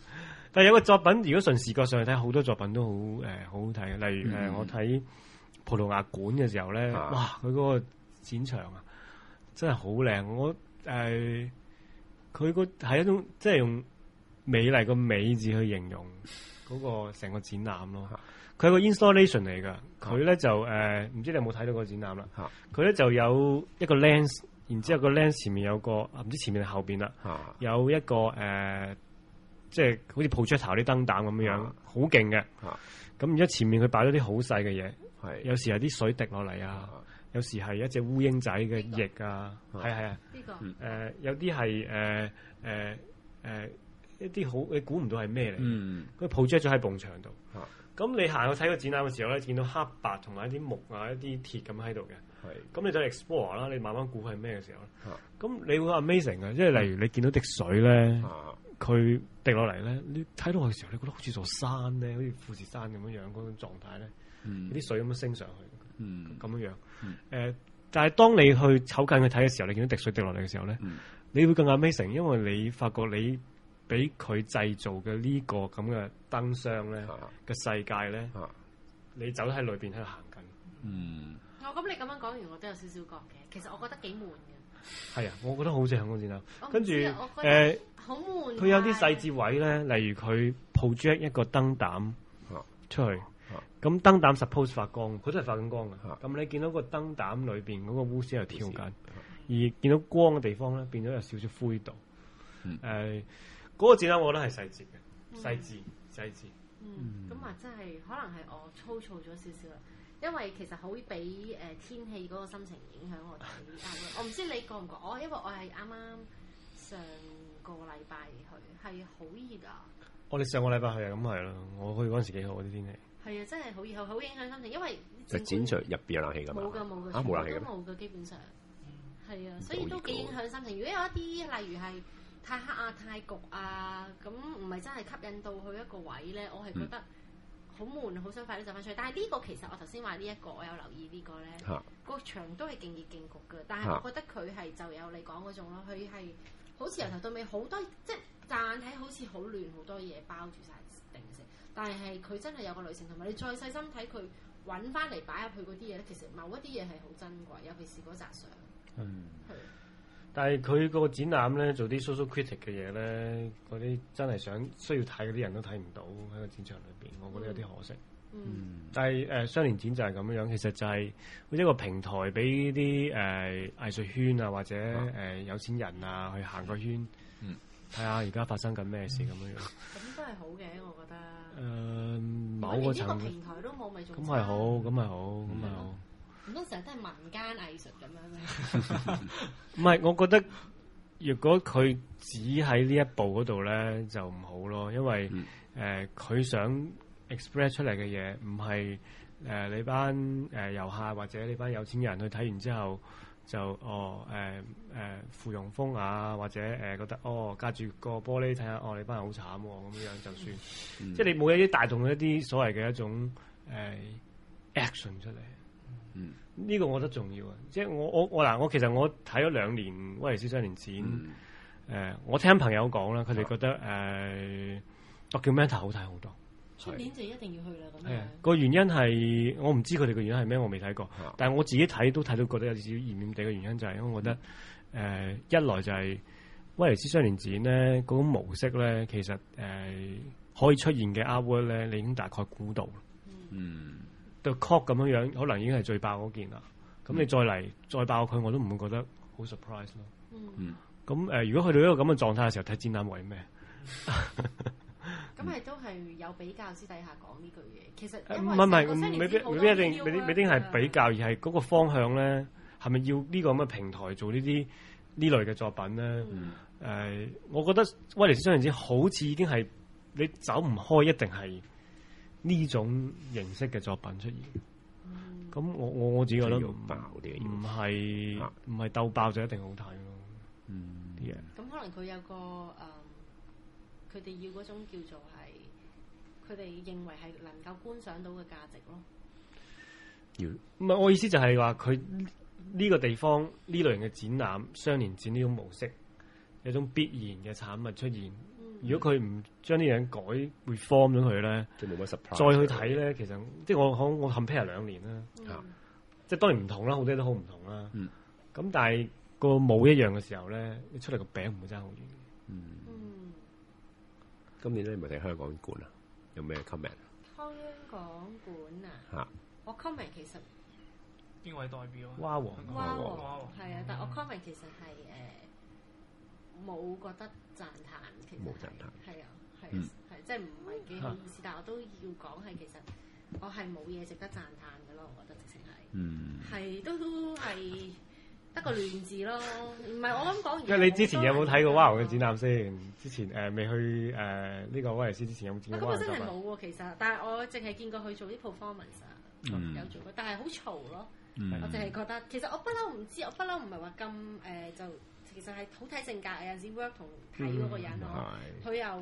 但係有個作品，如果純視角上去睇，好多作品都好誒好好睇。例如誒，呃嗯、我睇葡萄牙館嘅時候咧，哇！佢嗰個展場啊，真係好靚我。誒，佢個係一種即係用美麗個美字去形容嗰個成個展覽咯。佢係個 installation 嚟噶，佢咧就誒，唔、呃、知你有冇睇到個展覽啦。佢咧就有一個 lens，然之後個 lens 前面有個唔、啊、知前面後邊啦，啊、有一個誒、呃，即係好似 projector 啲燈膽咁樣樣，好勁嘅。咁然之後前面佢擺咗啲好細嘅嘢，的有時有啲水滴落嚟啊。有時係一隻烏蠅仔嘅翼啊，係係，呢個？誒，有啲係誒誒誒一啲好，你估唔到係咩嚟？嗯，佢抱住咗喺埲牆度。咁你行去睇個展覽嘅時候咧，見到黑白同埋一啲木啊、一啲鐵咁喺度嘅。係，咁你就 explore 啦，你慢慢估係咩嘅時候咧？咁你會好 amazing 嘅，即係例如你見到滴水咧，佢滴落嚟咧，你睇到嘅時候，你覺得好似座山咧，好似富士山咁樣樣嗰種狀態咧，啲水咁樣升上去，嗯，咁樣樣。誒，嗯、但係當你去湊近去睇嘅時候，你見到滴水滴落嚟嘅時候咧，嗯、你會更加 Amazing，因為你發覺你俾佢製造嘅呢個咁嘅燈箱咧嘅世界咧，嗯、你走喺裏邊喺度行緊。嗯，我覺得你咁樣講完，我都有少少覺嘅。其實我覺得幾悶嘅。係啊，我覺得好正。香跟住著，誒，好悶、呃。佢有啲細節位咧，嗯、例如佢抱住一個燈膽出去。嗯嗯咁燈膽 suppose 發光，佢真係發緊光嘅。咁不你見到個燈膽裏邊嗰個烏絲又跳緊，而見到光嘅地方咧，變咗有少少灰度。誒、mm. 呃，嗰、那個字咧，我覺得係細節嘅，細節，嗯、細節。嗯，咁啊、嗯，真係、就是、可能係我粗糙咗少少啦。因為其實好俾誒天氣嗰個心情影響我睇。我唔知你覺唔覺，我、喔、因為我係啱啱上個禮拜去，係好熱啊。 我哋上個禮拜去啊，咁係啦。我去嗰陣時幾好啲天氣、mmm.。係啊，真係好熱，好影響心情，因為就展場入邊有冷氣㗎嘛。冇㗎，冇㗎，冇冷氣㗎，冇㗎，基本上係啊，所以都幾影響心情。如果有一啲例如係太黑啊、太焗啊，咁唔係真係吸引到去一個位咧，我係覺得好悶，好想快啲走翻出去。但係呢個其實我頭先話呢一個，我有留意呢、呢個咧，個、啊、場都係勁熱勁焗㗎，但係我覺得佢係就有你講嗰種咯，佢係好似由頭到尾好多，即係乍眼睇好似好亂，好多嘢包住晒定成。但係佢真係有個旅程，同埋你再細心睇佢揾翻嚟擺入去嗰啲嘢咧，其實某一啲嘢係好珍貴，尤其是嗰紮相。嗯是。係。但係佢個展覽咧，做啲 social critic 嘅嘢咧，嗰啲真係想需要睇嗰啲人都睇唔到喺個展場裏邊，我覺得有啲可惜。嗯，嗯但。但係誒，雙年展就係咁樣樣，其實就係一個平台，俾啲誒藝術圈啊，或者誒、啊呃、有錢人啊，去行個圈。睇下而家發生緊咩事咁樣樣？咁都係好嘅，我覺得。誒，某個層面。台都冇，咁係好，咁係好，咁係好。唔通成日都係民間藝術咁樣咩？唔係，我覺得如果佢只喺呢一步嗰度咧，就唔好咯，因為誒佢、嗯呃、想 express 出嚟嘅嘢，唔係誒你班誒遊客或者你班有錢人去睇完之後。就哦誒誒、呃呃、芙蓉風啊，或者誒、呃、覺得哦隔住個玻璃睇下哦，你班人好慘、啊，喎咁樣就算，嗯、即係你冇一啲帶動一啲所謂嘅一種誒、呃、action 出嚟。嗯，呢個我覺得重要啊！嗯、即係我我我嗱，我其實我睇咗兩年威尼斯雙年展，誒、嗯呃、我聽朋友講啦，佢哋覺得誒 Documenta 好睇好多。出年就一定要去啦，咁樣。個原因係我唔知佢哋個原因係咩，我未睇過。嗯、但係我自己睇都睇到，覺得有少少厭厭地嘅原因就係，因為我覺得，誒、呃、一來就係、是、威尼斯雙年展咧，嗰、那、種、個、模式咧，其實誒、呃嗯、可以出現嘅 award 咧，你已經大概估到。嗯。對 call 咁樣樣，可能已經係最爆嗰件啦。咁你再嚟、嗯、再爆佢，我都唔會覺得好 surprise 咯、嗯。嗯。咁誒、嗯嗯嗯，如果去到一個咁嘅狀態嘅時候，睇展覽為咩？ 咁係都係有比較私底下講呢句嘢，其實唔係唔係未必未必一定未必未必係比較，啊、而係嗰個方向咧係咪要呢個咁嘅平台做呢啲呢類嘅作品咧？誒、嗯呃，我覺得威尼斯雙年展好似已經係你走唔開，一定係呢種形式嘅作品出現。咁、嗯、我我我自己覺得唔係唔係鬥爆就一定好睇咯。嗯，啲嘢。咁可能佢有個誒。呃佢哋要嗰種叫做係，佢哋認為係能夠觀賞到嘅價值咯。要唔係我意思就係話，佢呢個地方呢、mm hmm. 類型嘅展覽雙年展呢種模式，有種必然嘅產物出現。Mm hmm. 如果佢唔將呢樣改 reform 咗佢咧，就冇乜 surprise、mm hmm. 再去睇咧，其實即係我可我 compare 兩年啦，mm hmm. 即係當然唔同啦，好多嘢都好唔同啦。咁、mm hmm. 但係個冇一樣嘅時候咧，出嚟個餅唔會爭好遠、mm。Mm mm 今年咧，唔係喺香港館啊，有咩 comment 啊？香港館啊，嚇王，我 comment 其實邊位代表啊？蛙王，蛙王，蛙王，係啊，但係我 comment 其實係誒冇覺得讚歎，其實冇讚歎，係、嗯、啊，係啊，啊嗯、啊即係唔係幾好意思，啊、但係我都要講，係其實我係冇嘢值得讚歎嘅咯，我覺得直情係，係、嗯、都都係。 個亂字咯，唔係我諗講完。咁你之前有冇睇過 Wow 嘅展覽先？之前誒未、呃、去誒呢、呃這個威尼斯之前有冇、wow、展覽？我本身係冇喎，其實，但係我淨係見過佢做啲 performance、嗯、有做過，但係好嘈咯。嗯、我淨係覺得，其實我不嬲唔知，我不嬲唔係話咁誒，就其實係好睇性格有陣時 work 同睇嗰個人哦。佢、嗯、又誒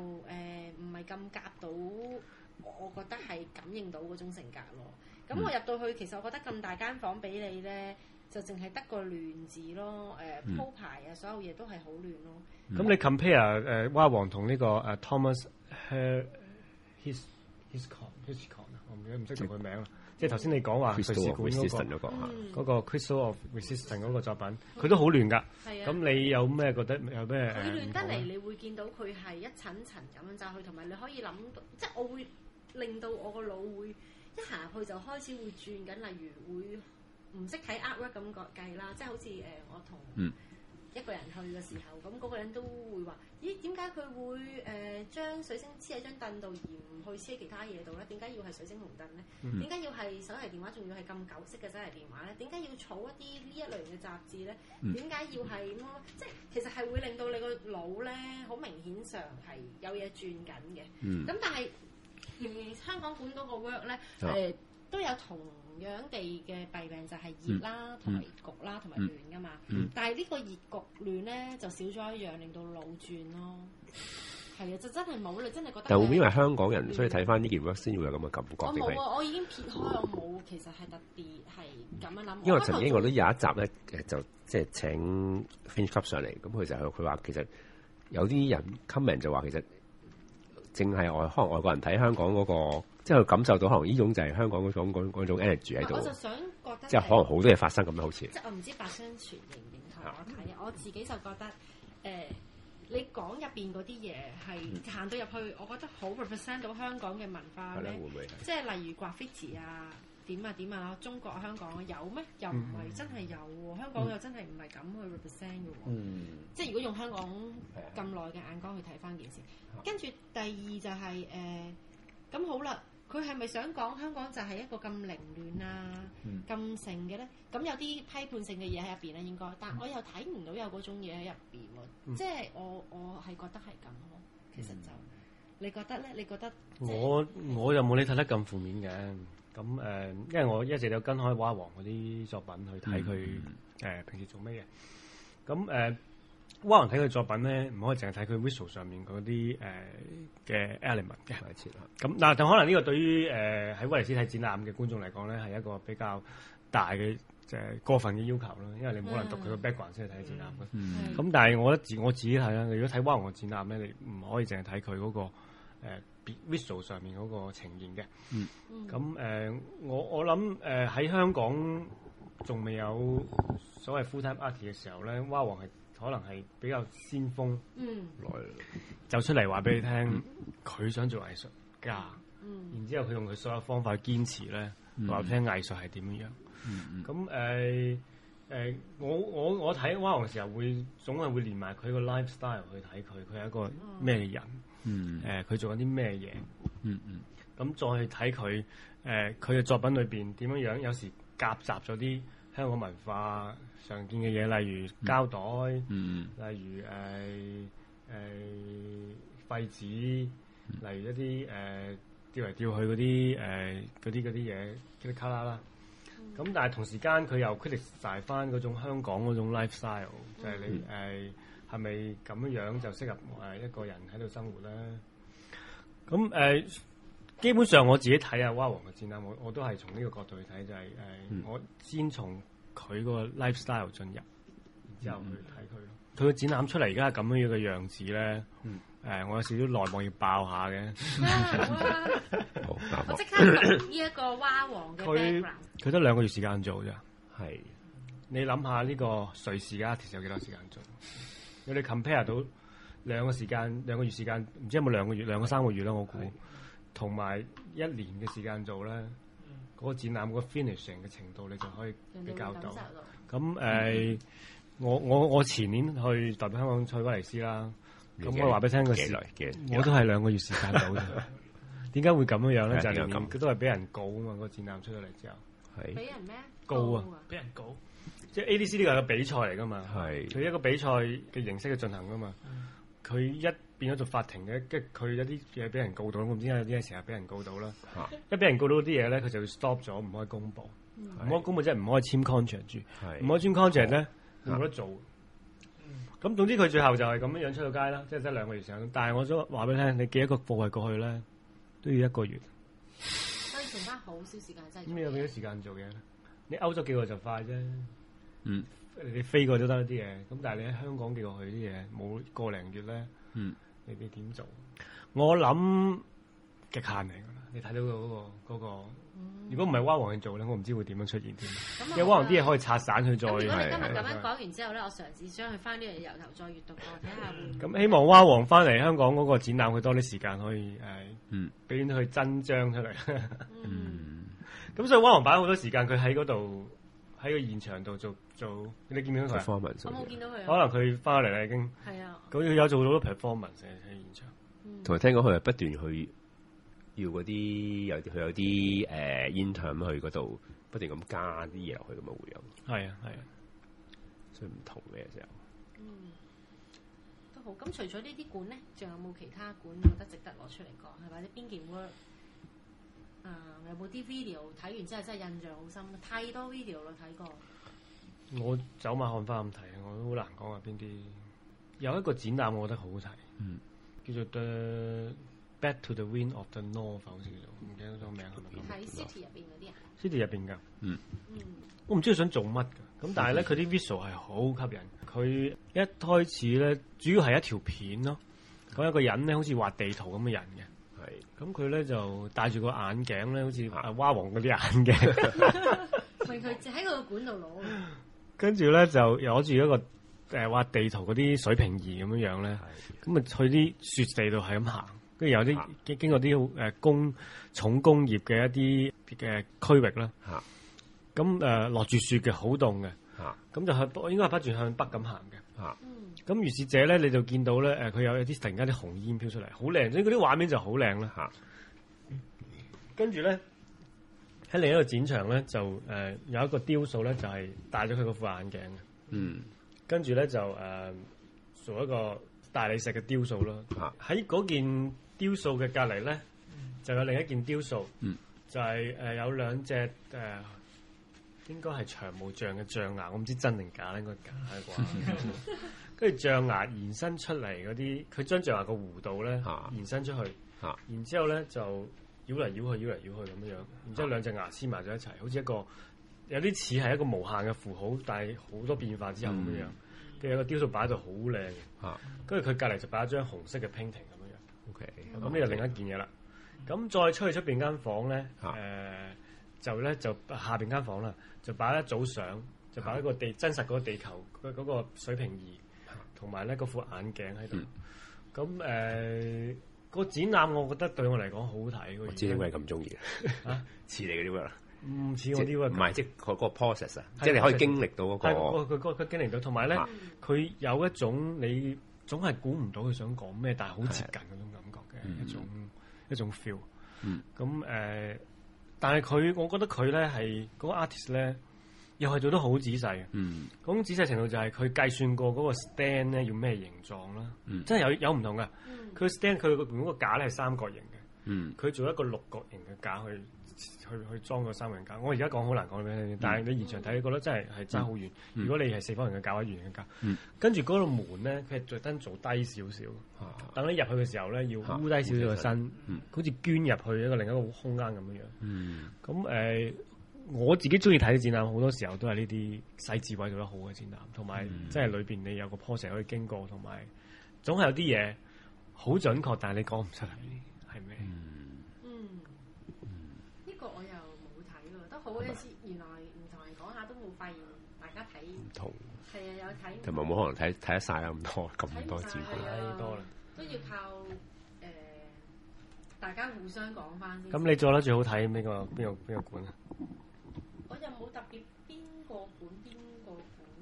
唔係咁夾到，我覺得係感應到嗰種性格咯。咁我入到去，其實我覺得咁大間房俾你咧。就淨係得個亂字咯，誒鋪排啊，所有嘢都係好亂咯。咁你 compare 誒蛙王同呢個誒 Thomas his his con his con 我唔記得唔識佢個名。即係頭先你講話對視個，個 Crystal of Resistance 嗰個作品，佢都好亂㗎。係啊。咁你有咩覺得有咩？佢亂得嚟，你會見到佢係一層層咁樣走去，同埋你可以諗到，即係我會令到我個腦會一行入去就開始會轉緊，例如會。唔識睇 artwork 咁個計啦，即係好似誒、呃、我同一個人去嘅時候，咁嗰、嗯、個人都會話：咦，點解佢會誒、呃、將水晶黐喺張凳度，而唔去黐其他嘢度咧？點解要係水晶紅凳咧？點解、嗯、要係手提電話，仲要係咁舊式嘅手提電話咧？點解要儲一啲呢一類型嘅雜誌咧？點解、嗯、要係乜、嗯嗯、即係其實係會令到你個腦咧，好明顯上係有嘢轉緊嘅。咁、嗯嗯嗯、但係誒香港館嗰個 work 咧、呃、誒、呃、都有同。同樣地嘅弊病就係熱啦、同埋焗啦、同埋暖噶嘛，嗯、但係呢個熱焗暖咧就少咗一樣，令到路轉咯。係啊，就真係冇啦，真係覺得。就因為香港人，所以睇翻呢件 work 先會有咁嘅感覺，我冇啊。我已經撇開，我冇，其實係特別係咁樣諗。因為曾經我都有一集咧，就即係請 Finn Cup 上嚟，咁佢就佢話其實有啲人 comment 就話其實淨係外可能外國人睇香港嗰個。即係感受到可能呢種就係香港嗰種 energy 喺度。我就想覺得即係可能好多嘢發生咁樣好似。即係我唔知白雙全認唔認同，我睇我自己就覺得誒、呃，你講入邊嗰啲嘢係行到入去，我覺得好 represent 到香港嘅文化咧。會唔會即係例如 Graffiti 啊、點啊、點啊，中國香港有咩？又唔係真係有喎、啊。香港又真係唔係咁去 represent 嘅喎、啊。嗯、即係如果用香港咁耐嘅眼光去睇翻件事，跟住第二就係、是、誒，咁、呃、好啦。佢係咪想講香港就係一個咁凌亂啊、咁盛嘅咧？咁有啲批判性嘅嘢喺入邊咧，應該，但我又睇唔到有嗰種嘢喺入邊喎。即係我我係覺得係咁咯。其實就你覺得咧？你覺得我我又冇你睇得咁負面嘅。咁誒，因為我一直都有跟開畫王嗰啲作品去睇佢誒平時做咩嘢。咁誒。蛙王睇佢作品咧，唔可以淨係睇佢 visual 上面嗰啲誒嘅 element 嘅，咁嗱就可能呢個對於誒喺、呃、威尼斯睇展覽嘅觀眾嚟講咧，係一個比較大嘅誒、呃、過分嘅要求咯，因為你冇可能讀佢個 background 先去睇展覽。咁但係我覺得自我自己睇啦，如果睇蛙王嘅展覽咧，你唔可以淨係睇佢嗰個呃、visual 上面嗰個呈現嘅。咁誒、嗯嗯呃、我我諗誒喺香港仲未有所謂 full time art 嘅時候咧，蛙王係。可能係比較先鋒、嗯，就出嚟話俾你聽，佢、嗯、想做藝術家，嗯、然之後佢用佢所有方法去堅持咧，話聽藝術係點樣。咁誒誒，我我我睇汪王時候會總係會連埋佢個 lifestyle 去睇佢，佢係一個咩人？誒，佢做緊啲咩嘢？咁再睇佢誒，佢、嗯、嘅、嗯嗯嗯、作品裏邊點樣樣？有時夾雜咗啲。香港文化常見嘅嘢，例如膠袋，mm hmm. 例如誒誒、呃呃、廢紙，例如一啲誒掉嚟掉去嗰啲誒啲啲嘢，啲卡拉啦。咁、mm hmm. 但係同時間佢又 criticise 曬翻嗰種香港嗰種 lifestyle，就係、是、你誒係咪咁樣樣就適合誒一個人喺度生活咧？咁誒。呃基本上我自己睇下蛙王嘅展覽，我我都係從呢個角度去睇，就係誒，我先從佢個 lifestyle 進入，然之後去睇佢。佢個展覽出嚟而家係咁樣樣嘅樣子咧，誒、呃，我有少少內幕要爆下嘅、啊。好、啊，即、啊、 刻呢一個蛙王嘅 background 佢得兩個月時間做啫。係的，你諗下呢個瑞士嘅其實有幾多時間做？你哋 compare 到兩個時間，兩個月時間，唔知有冇兩個月，的兩個三個月啦，我估。同埋一年嘅時間做咧，個展覽個 finishing 嘅程度你就可以比較到。咁誒，我我我前年去代表香港去威尼斯啦。咁我話俾你聽個時嚟嘅？幾耐嘅？我都係兩個月時間到。嘅。點解會咁樣樣咧？就係佢都係俾人告啊嘛！個展覽出咗嚟之後，係俾人咩？告啊！俾人告。即係 ADC 呢個係個比賽嚟噶嘛？係佢一個比賽嘅形式嘅進行噶嘛？佢一。變咗做法庭嘅，即係佢有啲嘢俾人告到，我唔知點解有啲成日俾人告到啦。一俾人告到啲嘢咧，佢就會 stop 咗，唔可以公布，唔可以公布即係唔可以簽 contract 住，唔可以簽 contract 咧，冇得做。咁總之佢最後就係咁樣樣出到街啦，即係得兩個月時間。但係我想話俾你聽，你寄一個貨係過去咧，都要一個月。所以仲翻好少時間真係。咁你有幾多時間做嘢？你歐洲寄過就快啫。嗯，你飛過都得一啲嘢，咁但係你喺香港寄過去啲嘢，冇個零月咧。嗯。你哋點做？我諗極限嚟噶啦！你睇到佢嗰個嗰個，如果唔係蛙王去做咧，我唔知會點樣出現添。有蛙王啲嘢可以拆散佢再。咁我今日咁樣講完之後咧，我嘗試將佢翻啲嘢由頭再閱讀過睇下。咁希望蛙王翻嚟香港嗰個展覽，佢多啲時間可以誒，嗯，俾佢增張出嚟。嗯。咁所以蛙王擺好多時間，佢喺嗰度。喺個現場度做做，你見唔見到佢？performance。我冇見到佢。可能佢翻嚟咧已經。係是啊。咁佢有做好多 performance 喺現場，嗯，同埋聽講佢係不斷去要嗰啲有佢有啲誒 intern 去嗰度，不斷咁加啲嘢落去，咁啊會有。係啊係啊，啊所以唔同嘅時候。嗯，都好。咁除咗呢啲館咧，仲有冇其他館覺得值得攞出嚟講？係或者你邊件 work？啊！Uh, 有冇啲 video 睇完之後真係印象好深，太多 video 咯睇過。我走馬看花咁睇，我都好難講啊！邊啲有一個展覽我覺得好好睇，嗯，叫做 The Back to the Wind of the North，好似叫做，唔記得咗個名係咪咁咯。喺 city 入邊嗰啲啊，city 入邊噶，嗯嗯，我唔知佢想做乜噶，咁但係咧佢啲 visual 係好吸引，佢一開始咧主要係一條片咯，講有個人咧好似畫地圖咁嘅人嘅。咁佢咧就戴住個眼鏡咧，好似蛙王嗰啲眼鏡。佢 就喺個管度攞。跟住咧就攞住一個誒畫、呃、地圖嗰啲水平儀咁樣樣咧。咁啊的去啲雪地度係咁行，跟住有啲經的經過啲誒、呃、工重工業嘅一啲嘅、呃、區域啦。吓咁誒落住雪嘅好凍嘅。吓咁的的就向應該係不斷向北咁行嘅。啊！咁如、嗯、是者咧，你就見到咧，誒佢有有啲突然間啲紅煙飄出嚟，好靚，所以嗰啲畫面就好靚啦嚇。啊嗯、跟住咧，喺另一個展場咧，就誒、呃、有一個雕塑咧，就係、是、戴咗佢嗰副眼鏡嘅。嗯，跟住咧就誒做、呃、一個大理石嘅雕塑咯。嚇！喺嗰件雕塑嘅隔離咧，就有另一件雕塑，嗯、就係、是、誒、呃、有兩隻誒。呃應該係長毛象嘅象牙，我唔知真定假，應該假啩。跟住 象牙延伸出嚟嗰啲，佢將象牙個弧度咧延伸出去， 然之後咧就繞嚟繞去，繞嚟繞去咁樣樣。然之後兩隻牙黐埋咗一齊，好似一個有啲似係一個無限嘅符號，但係好多變化之、嗯、後咁樣樣。跟住有個雕塑擺喺度好靚嘅，跟住佢隔離就擺一張紅色嘅 painting 咁樣樣。OK，咁呢 okay, 就另一件嘢啦。咁、嗯、 再出去出邊間房咧，誒、呃。就咧就下邊間房啦，就擺一組相，就擺一個地真實嗰個地球嗰嗰、嗰個水平儀，同埋咧嗰副眼鏡喺度。咁誒、嗯，呃嗰個展覽我覺得對我嚟講好睇。我知點解咁中意啊？似你嗰啲㗎，唔似我啲㗎。唔係，即係嗰個 process 啊，即係是你可以經歷到嗰、嗰個。係我佢佢佢經歷到，同埋咧佢有一種你總係估唔到佢想講咩，但係好接近嗰種感覺嘅的、嗯、一種一種 feel。咁誒。嗯嗯但係佢，我覺得佢咧係嗰個 artist 咧，又係做得好仔細嘅。嗯，咁仔細程度就係佢計算過嗰個 stand 咧要咩形狀啦，嗯，真係有有唔同嘅。佢、嗯、stand 佢個原本個架咧係三角形嘅，嗯，佢做一個六角形嘅架去。去去裝個三人膠，我而家講好難講嘅，但係你現場睇，你覺得真係係差好遠。如果你係四方形嘅膠，圓形膠，跟住嗰個門咧，佢係特登做低少少，啊、等你入去嘅時候咧，要烏低少少個身，好似、啊嗯、捐入去一個另一個空間咁樣樣。咁誒、嗯呃，我自己中意睇嘅展覽，好多時候都係呢啲細置位做得好嘅展覽，同埋、嗯、即係裏邊你有個坡石可以經過，同埋總係有啲嘢好準確，但係你講唔出嚟。嗯嗯好意思，原來唔同人講下都冇發現，大家睇唔同。係啊，有睇。同埋冇可能睇睇得晒咁多咁多資料啦，多啦。都要靠誒大家互相講翻先。咁你做得最好睇呢個？邊個邊個管啊？我又冇特別邊個管邊個管，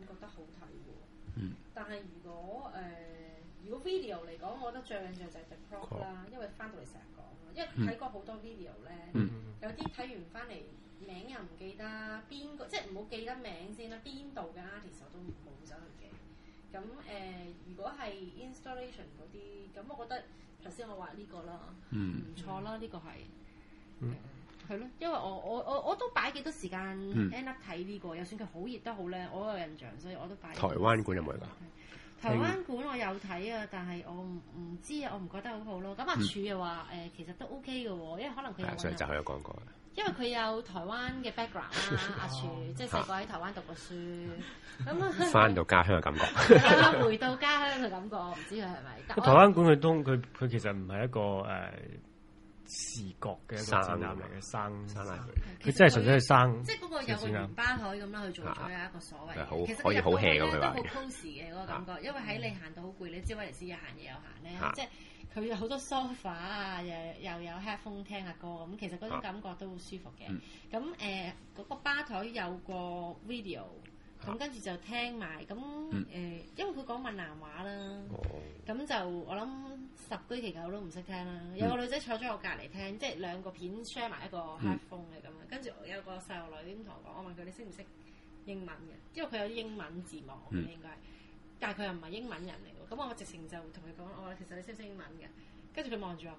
覺得好睇喎。嗯。但係如果誒，如果 video 嚟講，我覺得最印象就係 The Pro 啦，因為翻到嚟成日講，因為睇過好多 video 咧，有啲睇完唔翻嚟。名又唔記得，邊個即係唔好記得名先啦。邊度嘅 artist 我都冇走去記。咁、嗯、誒、呃，如果係 installation 嗰啲，咁、嗯嗯、我覺得頭先我話呢、這個啦，唔、嗯、錯啦，呢、這個係。係、嗯嗯、咯，因為我我我我都擺幾多時間 end up 睇呢個，又算佢好熱都好咧，我有印象，所以我都擺。台灣館有冇啊？台灣館我有睇啊，但係我唔知啊，我唔覺得好好咯。咁阿柱又話誒，嗯、其實都 OK 嘅喎，因為可能佢對。上次佢有講過。因為佢有台灣嘅 background 啦，阿柱即係細個喺台灣讀過書，咁返到家鄉嘅感覺。回到家鄉嘅感覺，我唔知佢係咪。個台灣館佢都佢佢其實唔係一個誒視覺嘅生嘅生，佢真係純粹係生。即係嗰個有個圓巴台咁啦，去做咗一個所謂。其實可以好 hea 咁佢好 cos 嘅嗰個感覺，因為喺你行到好攰，你知威尼斯又行又行咧，即係。佢有好多 sofa 啊，又又有 headphone 聽下歌咁，其實嗰種感覺都好舒服嘅。咁誒嗰個吧台有個 video，咁、啊、跟住就聽埋。咁誒、呃、因為佢講閩南話啦，咁、哦、就我諗十居其九都唔識聽啦。嗯、有個女仔坐咗我隔離聽，即係兩個片 share 埋一個 headphone 嚟咁。嗯、跟住有個細路女咁同我講，我問佢你識唔識英文嘅，因為佢有啲英文字幕、嗯、應該係。但係佢又唔係英文人嚟喎，咁我直情就同佢講，我、哦、其實你識唔識英文嘅？跟住佢望住我，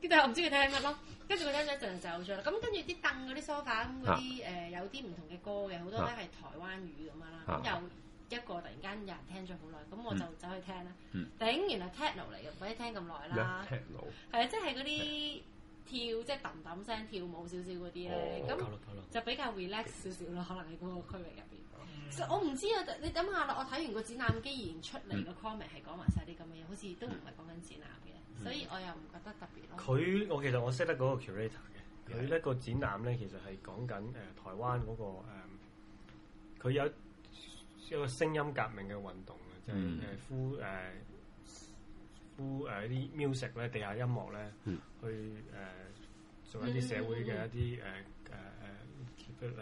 跟住我唔知佢聽乜咯。跟住佢聽咗一陣就走咗啦。咁跟住啲凳嗰啲 sofa 嗰啲誒有啲唔同嘅歌嘅，好多咧係、啊、台灣語咁啊啦。咁有一個突然間有人聽咗好耐，咁我就走、嗯、去聽啦。頂、嗯，原來 techno 嚟嘅，唔可以聽咁耐啦。一 techno 係啊，即係嗰啲。就是跳即係揼揼聲跳舞少少嗰啲咧，咁就比較 relax 少少咯。可能喺嗰個區域入邊，其實、oh. 我唔知啊。你諗下啦，我睇完個展覽，既然出嚟個 comment 係講埋晒啲咁嘅嘢，嗯、好似都唔係講緊展覽嘅，嗯、所以我又唔覺得特別咯。佢、嗯、我其實我識得嗰個 curator 嘅，佢呢個展覽咧其實係講緊誒台灣嗰、嗰個佢、呃、有，有一個聲音革命嘅運動嘅，即係誒呼誒。呃都誒啲 music 咧，地下音樂咧，嗯、去誒、呃、做一啲社會嘅一啲誒誒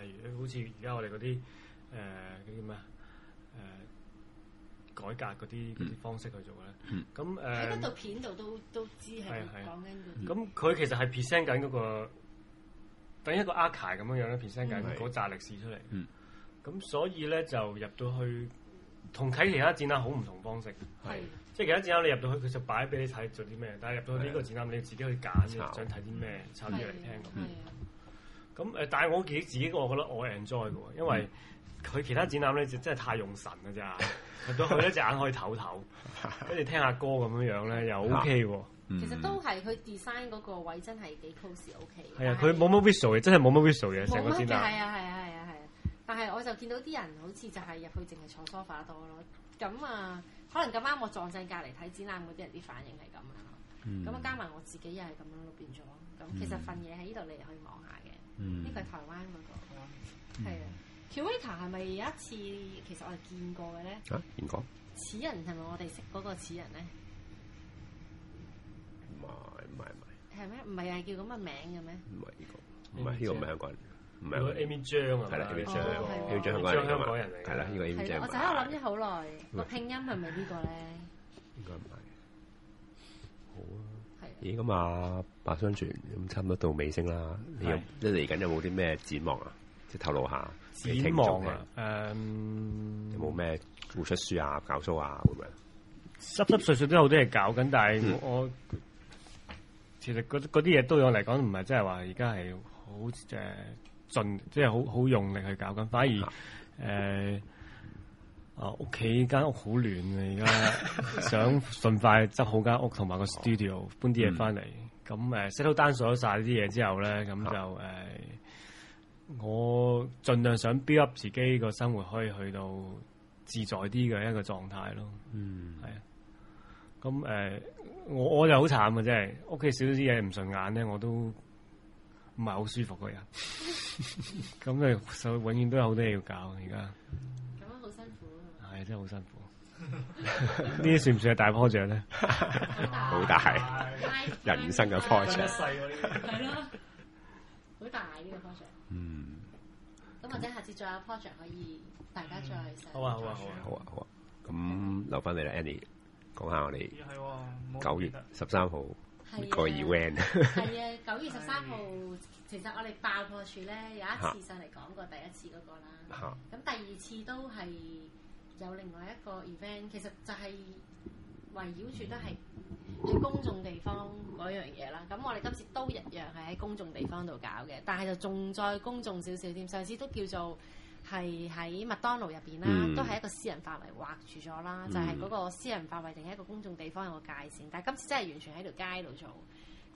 誒，例如好似而家我哋嗰啲誒嗰啲咩誒改革嗰啲方式去做嘅咧。咁誒喺嗰度片度都都知係講緊嗰啲咁，佢其實係 present 緊嗰個等於一個 archive 咁樣樣咧，present 緊嗰紮歷史出嚟。咁是的 所以咧就入到去同睇其他展覽好唔同方式。係。即其他展覽，你入到去佢就擺俾你睇做啲咩？但係入到呢個展覽，你自己去揀嘅，想睇啲咩插入嚟聽咁。咁誒，但係我自己，我覺得我 enjoy 嘅喎，因為佢其他展覽咧就真係太用神嘅咋。入到去咧隻眼可以唞唞，跟住聽下歌咁樣樣咧又 OK 喎。其實都係佢 design 嗰個位真係幾 close OK。係啊，佢冇乜 visual 嘅，真係冇乜 visual 嘅成個展覽。係啊係啊係啊係啊！但係我就見到啲人好似就係入去淨係坐 sofa 多咯。咁啊～可能咁啱我撞正隔離睇展覽嗰啲人啲反應係咁啊，咁啊加埋我自己又係咁咯，變咗咁。其實份嘢喺呢度你係可以望下嘅，呢個係台灣嗰個，係啊。喬威卡係咪有一次其實我哋見過嘅咧？嚇，邊個？此人係咪我哋識嗰個此人咧？唔係唔係唔係，係咩？唔係啊，叫咁嘅名嘅咩？唔係呢個，唔係呢個名。唔係，叫 Amy 張啊？係啦 Amy 張，Amy 張香港人嚟，係啦，呢個 Amy 張我就喺度諗咗好耐，個拼音係咪呢個咧？應該唔係。好啊。咦，咁啊，白雙全，咁差唔多到尾聲啦。你有，即係嚟緊有冇啲咩展望啊？即係透露下。展望啊？誒，有冇咩付出書啊、教書啊咁樣？濕濕碎碎都有好多嘢搞緊，但係我其實嗰啲嘢，對我嚟講，唔係真係話而家係好正。盡即係好好用力去搞緊，反而誒、呃，啊屋企間屋好亂啊！而家想盡快執好間屋同埋個 studio，搬啲嘢翻嚟。咁誒 settle down 晒啲嘢之後咧，咁就誒、呃，我盡量想 build up 自己個生活可以去到自在啲嘅一個狀態咯。嗯，係啊。咁誒、呃，我我就好慘啊！即係屋企少啲嘢唔順眼咧，我都。唔係好舒服個人，咁誒，永遠都有好多嘢要搞。而家咁樣好辛苦，係真係好辛苦。呢啲算唔算係大 project 咧？好大，人生嘅 project，一世喎啲，係咯，好大呢個 project。嗯，咁或者下次再有 project 可以大家再。好啊好啊好啊好啊，好啊。咁留翻你啦，Andy，講下我哋九月十三號。個 event 係啊，九月十三號， 是的 其實我哋爆破處咧有一次上嚟講過第一次嗰、嗰個啦，咁 第二次都係有另外一個 event，其實就係圍繞住都係喺公眾地方嗰樣嘢啦。咁我哋今次都一樣係喺公眾地方度搞嘅，但係就仲再公眾少少添。上次都叫做。係喺麥當勞入邊啦，面嗯、都係一個私人範圍劃住咗啦，就係、是、嗰個私人範圍定係一個公眾地方有個界線。但係今次真係完全喺條街度做。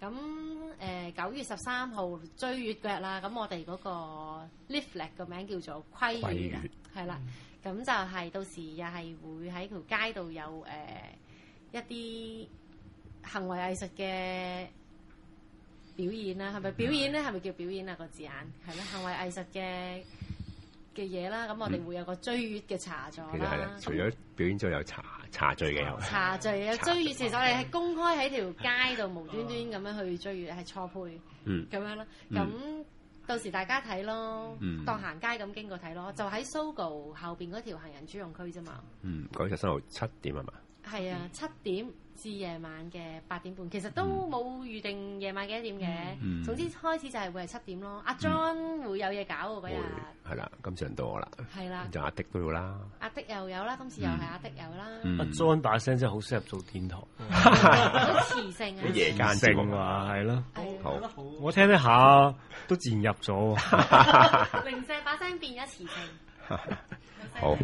咁誒九月十三號追月嗰日啦，咁我哋嗰個 leaflet 個名叫做《規月》係啦。咁月就係到時又係會喺條街度有誒、呃、一啲行為藝術嘅表演啦，係咪表演咧？係咪、嗯、叫表演啊？個字眼係啦，行為藝術嘅。嘅嘢啦，咁我哋會有個追月嘅茶座。其實係啦，嗯、除咗表演仲有茶茶聚嘅，有茶聚有追月。其實我哋係公開喺條街度無端端咁樣去追月，係錯配咁樣咯。咁、嗯、到時大家睇咯，當行街咁經過睇咯。就喺 Sogo 後邊嗰條行人專用區啫嘛。嗯，九月十三號七點係嘛？係啊，七點。至夜晚嘅八點半，其實都冇預定夜晚幾多點嘅。總之開始就係會係七點咯。阿 John 會有嘢搞喎嗰日，係啦，今次輪到我啦，係啦，就阿迪都有啦，阿迪又有啦，今次又係阿迪有啦。阿 John 把聲真係好適合做天堂，好磁性啊，好夜間性嘛，係咯，好，我聽一下都自然入咗，明姐把聲變咗磁性，好。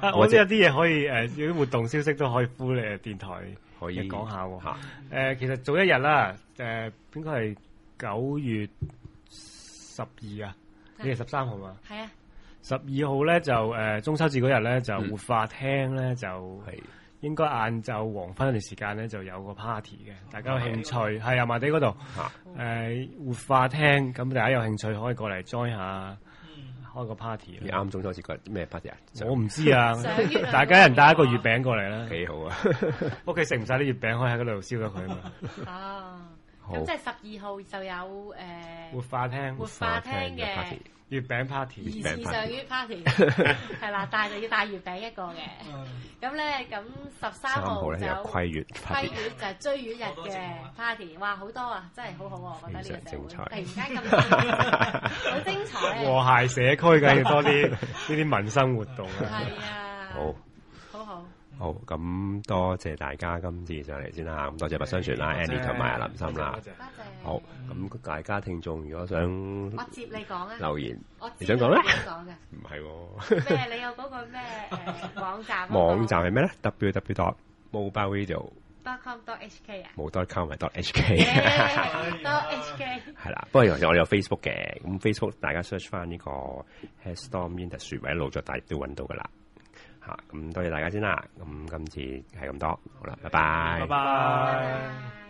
啊！我知有啲嘢可以誒，有啲活動消息都可以呼你。電台，可以講下喎。誒，其實早一日啦，誒，應該係九月十二啊，你係十三號嘛？係啊。十二號咧就誒，中秋節嗰日咧就活化廳咧就應該晏晝黃昏嗰段時間咧就有個 party 嘅，大家有興趣係油麻地度，誒，活化廳，咁大家有興趣可以過嚟 join 下。開個 party，啱啱中咗開始講咩 party 啊？我唔知啊，大家人帶一個月餅過嚟啦，幾好啊！屋企食唔晒啲月餅，可以喺嗰度燒咗佢啊嘛。啊，咁即係十二號就有誒、呃、活化廳，活化廳嘅 party。月餅 party，而賞月 party 係啦，但係就要帶月餅一個嘅。咁咧，咁十三號就，規月，規月就係追月日嘅 party。哇，好多啊，真係好好，我覺得呢個，突然間咁好精彩，和諧社區梗要多啲呢啲民生活動啊！係啊。好。好，咁多謝大家今次上嚟先啦，咁多謝白相傳啦 Annie 同埋阿林心啦。多謝，多謝。好，咁大家聽眾如果想我接你講啊，留言，你想講咩？想講嘅，唔係喎。咩？你有嗰個咩誒網站？網站係咩咧 w w w m o b a i v i d e o c o m h k 啊 m u b a c o m h k com.hk 係啦，不過又我哋有 Facebook 嘅，咁 Facebook 大家 search 翻呢個 BrainStorm Industry，或者腦作大業都揾到噶啦。咁、嗯、多謝大家先啦，咁、嗯、今次係咁多，好啦，拜拜，拜拜。